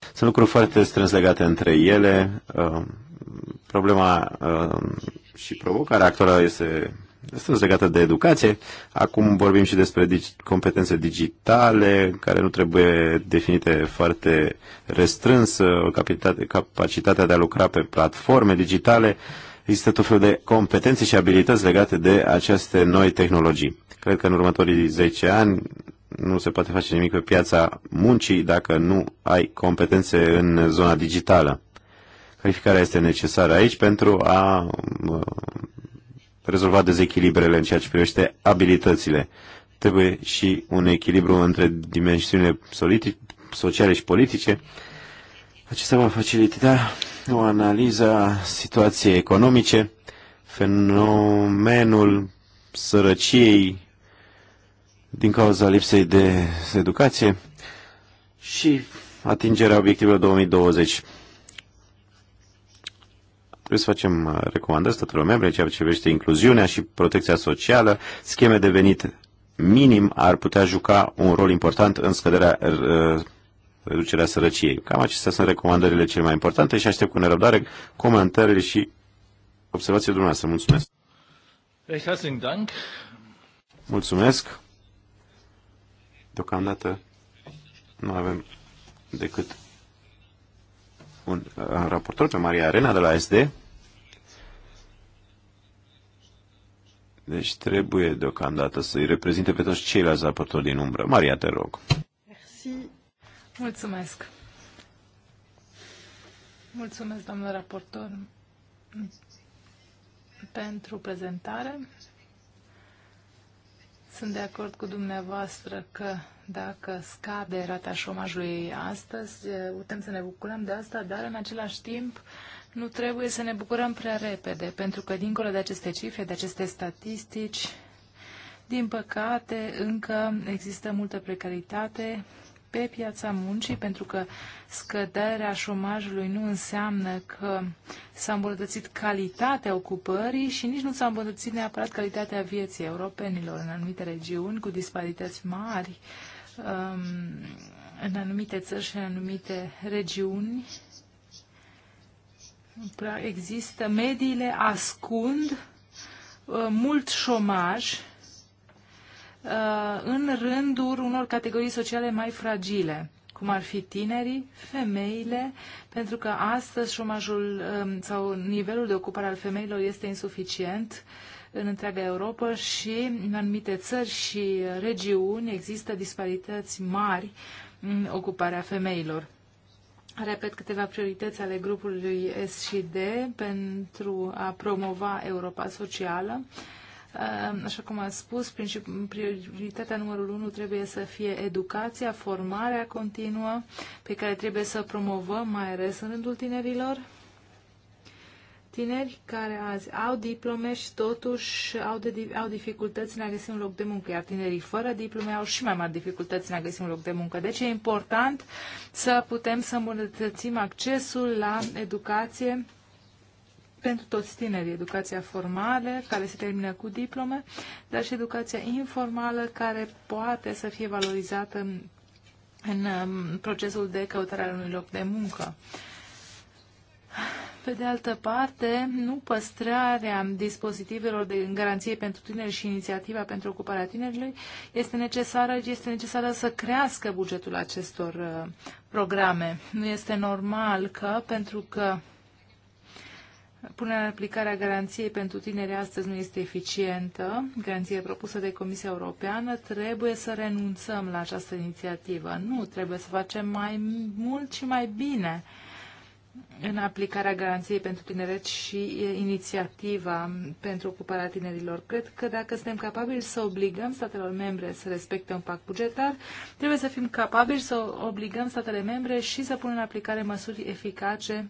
Sunt lucruri foarte strâns legate între ele. Um, problema um, și provocarea actuală este sunt legată de educație. Acum vorbim și despre dig- competențe digitale, care nu trebuie definite foarte restrâns, capacitatea de a lucra pe platforme digitale. Există tot felul de competențe și abilități legate de aceste noi tehnologii. Cred că în următorii 10 ani nu se poate face nimic pe piața muncii dacă nu ai competențe în zona digitală. Calificarea este necesară aici pentru a uh, rezolva dezechilibrele în ceea ce privește abilitățile. Trebuie și un echilibru între dimensiunile sociale și politice. Acesta va facilita o analiză a situației economice, fenomenul sărăciei din cauza lipsei de educație și atingerea obiectivelor 2020. Trebuie să facem uh, recomandări statul membre ceea ce privește incluziunea și protecția socială. Scheme de venit minim ar putea juca un rol important în scăderea uh, reducerea sărăciei. Cam acestea sunt recomandările cele mai importante și aștept cu nerăbdare comentariile și observațiile dumneavoastră. Mulțumesc! Mulțumesc. Deocamdată nu avem decât un uh, raportor pe Maria Arena de la SD. Deci trebuie deocamdată să-i reprezinte pe toți ceilalți raportori din umbră. Maria, te rog. Merci. Mulțumesc. Mulțumesc, doamnă raportor, pentru prezentare. Sunt de acord cu dumneavoastră că dacă scade rata șomajului astăzi, putem să ne bucurăm de asta, dar în același timp nu trebuie să ne bucurăm prea repede, pentru că dincolo de aceste cifre, de aceste statistici, din păcate, încă există multă precaritate pe piața muncii, pentru că scăderea șomajului nu înseamnă că s-a îmbunătățit calitatea ocupării și nici nu s-a îmbunătățit neapărat calitatea vieții europenilor în anumite regiuni cu disparități mari, um, în anumite țări și în anumite regiuni Există, mediile ascund uh, mult șomaj uh, în rândul unor categorii sociale mai fragile cum ar fi tinerii, femeile, pentru că astăzi șomajul um, sau nivelul de ocupare al femeilor este insuficient în întreaga Europa și în anumite țări și regiuni există disparități mari în ocuparea femeilor repet câteva priorități ale grupului S și D pentru a promova Europa socială. Ehm, așa cum am spus, prioritatea numărul 1 trebuie să fie educația, formarea continuă, pe care trebuie să o promovăm mai ales în rândul tinerilor tineri care azi au diplome și totuși au, de, au dificultăți în a găsi un loc de muncă, iar tinerii fără diplome au și mai mari dificultăți în a găsi un loc de muncă. Deci e important să putem să îmbunătățim accesul la educație pentru toți tinerii, educația formală, care se termină cu diplome, dar și educația informală, care poate să fie valorizată în, în um, procesul de căutare al unui loc de muncă. Pe de altă parte, nu păstrarea dispozitivelor de garanție pentru tineri și inițiativa pentru ocuparea tinerilor este necesară, este necesară să crească bugetul acestor uh, programe. Nu este normal că, pentru că Punerea în aplicare a garanției pentru tineri astăzi nu este eficientă. Garanția propusă de Comisia Europeană trebuie să renunțăm la această inițiativă. Nu, trebuie să facem mai mult și mai bine în aplicarea garanției pentru tineret și inițiativa pentru ocuparea tinerilor. Cred că dacă suntem capabili să obligăm statelor membre să respecte un pact bugetar, trebuie să fim capabili să obligăm statele membre și să punem în aplicare măsuri eficace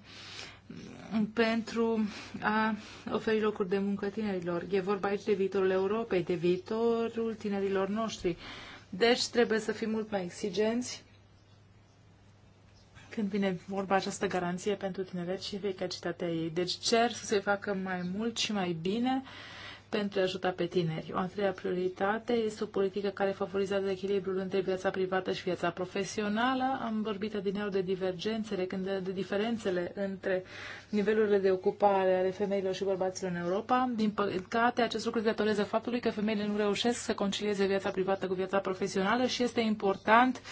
mm, pentru a oferi locuri de muncă tinerilor. E vorba aici de viitorul Europei, de viitorul tinerilor noștri. Deci trebuie să fim mult mai exigenți când vine vorba această garanție pentru tineret și eficacitatea ei. Deci cer să se facă mai mult și mai bine pentru a ajuta pe tineri. O a treia prioritate este o politică care favorizează echilibrul între viața privată și viața profesională. Am vorbit adineau de divergențele, când de, de diferențele între nivelurile de ocupare ale femeilor și bărbaților în Europa. Din păcate, acest lucru datorează faptului că femeile nu reușesc să concilieze viața privată cu viața profesională și este important uh,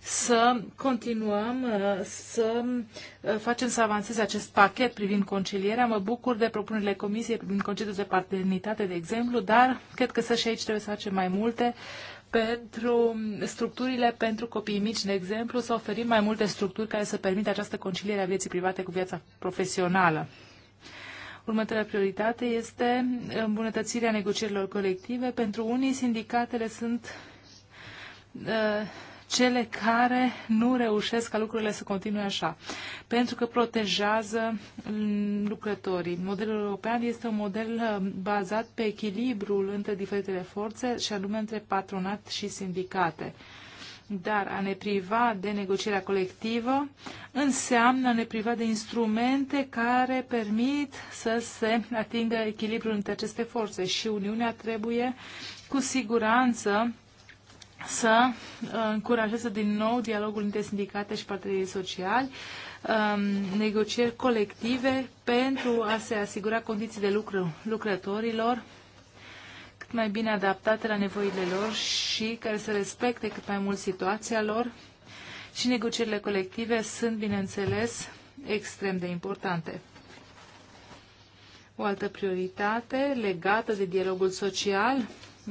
să continuăm uh, să uh, facem să avanseze acest pachet privind concilierea. Mă bucur de propunerile Comisiei privind concediul de paternitate, de exemplu, dar cred că să și aici trebuie să facem mai multe pentru structurile pentru copii mici, de exemplu, să oferim mai multe structuri care să permită această conciliere a vieții private cu viața profesională. Următoarea prioritate este îmbunătățirea negocierilor colective. Pentru unii, sindicatele sunt uh, cele care nu reușesc ca lucrurile să continue așa, pentru că protejează lucrătorii. Modelul european este un model uh, bazat pe echilibrul între diferitele forțe și anume între patronat și sindicate dar a ne priva de negocierea colectivă înseamnă a ne priva de instrumente care permit să se atingă echilibrul între aceste forțe și Uniunea trebuie cu siguranță să uh, încurajeze din nou dialogul între sindicate și partenerii sociali, um, negocieri colective pentru a se asigura condiții de lucru lucrătorilor cât mai bine adaptate la nevoile lor și care să respecte cât mai mult situația lor. Și negocierile colective sunt, bineînțeles, extrem de importante. O altă prioritate legată de dialogul social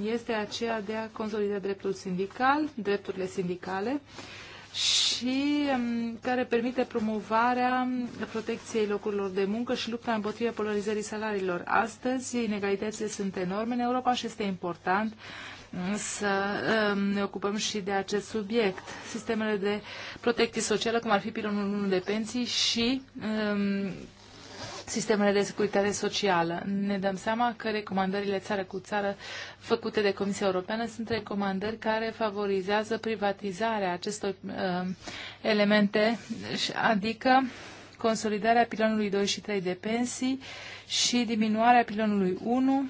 este aceea de a consolida dreptul sindical, drepturile sindicale și um, care permite promovarea protecției locurilor de muncă și lupta împotriva polarizării salariilor. Astăzi, inegalitățile sunt enorme în Europa și este important mm, să um, ne ocupăm și de acest subiect. Sistemele de protecție socială, cum ar fi pilonul 1 de pensii și um, sistemele de securitate socială. Ne dăm seama că recomandările țară cu țară făcute de Comisia Europeană sunt recomandări care favorizează privatizarea acestor uh, elemente, adică consolidarea pilonului 2 și 3 de pensii și diminuarea pilonului 1,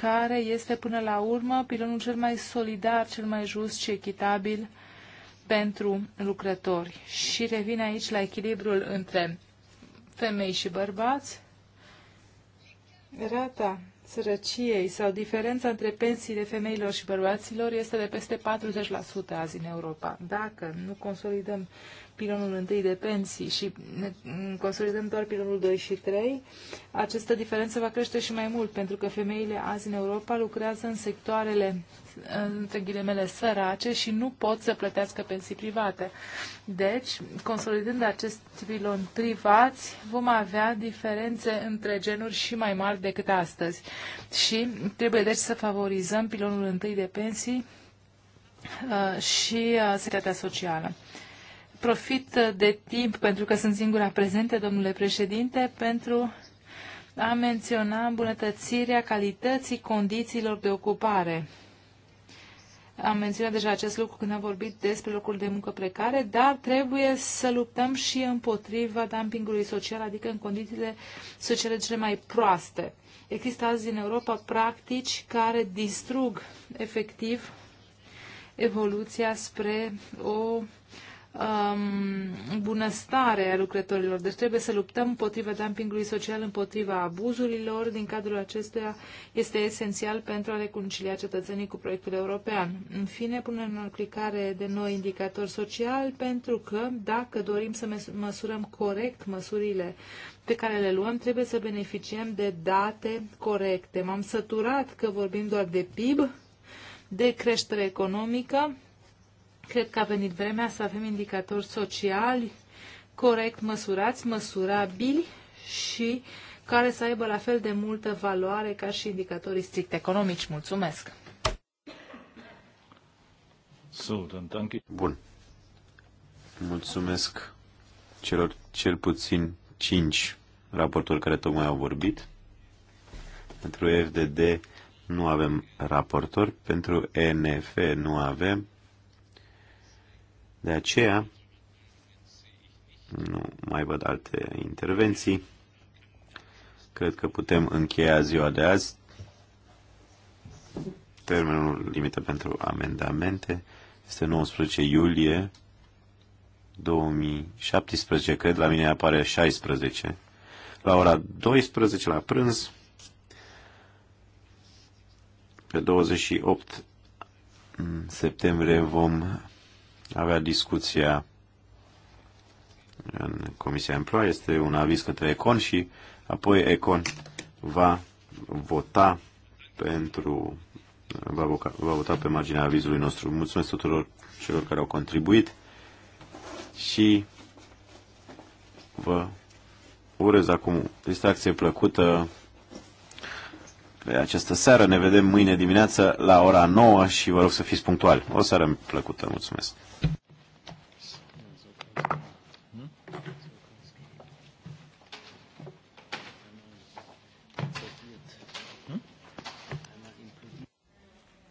care este până la urmă pilonul cel mai solidar, cel mai just și echitabil pentru lucrători. Și revin aici la echilibrul între femei și bărbați, Rata sărăciei sau diferența între pensiile femeilor și bărbaților este de peste 40% azi în Europa. Dacă nu consolidăm pilonul întâi de pensii și consolidăm doar pilonul 2 și 3, această diferență va crește și mai mult, pentru că femeile azi în Europa lucrează în sectoarele între ghilimele, sărace și nu pot să plătească pensii private. Deci, consolidând acest pilon privați, vom avea diferențe între genuri și mai mari decât astăzi. Și trebuie deci să favorizăm pilonul întâi de pensii uh, și uh, securitatea socială profit uh, de timp, pentru că sunt singura prezente, domnule președinte, pentru a menționa îmbunătățirea calității condițiilor de ocupare. Am menționat deja acest lucru când am vorbit despre locul de muncă precare, dar trebuie să luptăm și împotriva dumpingului social, adică în condițiile sociale cele mai proaste. Există azi în Europa practici care distrug efectiv evoluția spre o um, bunăstare a lucrătorilor. Deci trebuie să luptăm împotriva dumpingului social, împotriva abuzurilor. Din cadrul acestea este esențial pentru a reconcilia cetățenii cu proiectul european. În fine, punem în aplicare de noi indicator social pentru că dacă dorim să măsurăm corect măsurile pe care le luăm, trebuie să beneficiem de date corecte. M-am săturat că vorbim doar de PIB, de creștere economică, Cred că a venit vremea să avem indicatori sociali corect măsurați, măsurabili și care să aibă la fel de multă valoare ca și indicatorii strict economici. Mulțumesc! Bun. Mulțumesc celor cel puțin cinci raportori care tocmai au vorbit. Pentru FDD nu avem raportori, pentru NF nu avem, de aceea, nu mai văd alte intervenții. Cred că putem încheia ziua de azi. Termenul limită pentru amendamente este 19 iulie 2017, cred, la mine apare 16. La ora 12 la prânz, pe 28 septembrie vom avea discuția în Comisia Emploa. Este un aviz către Econ și apoi Econ va vota pentru va, voca, va vota pe marginea avizului nostru. Mulțumesc tuturor celor care au contribuit și vă urez acum distracție plăcută pe această seară. Ne vedem mâine dimineață la ora 9 și vă rog să fiți punctuali. O seară plăcută. Mulțumesc!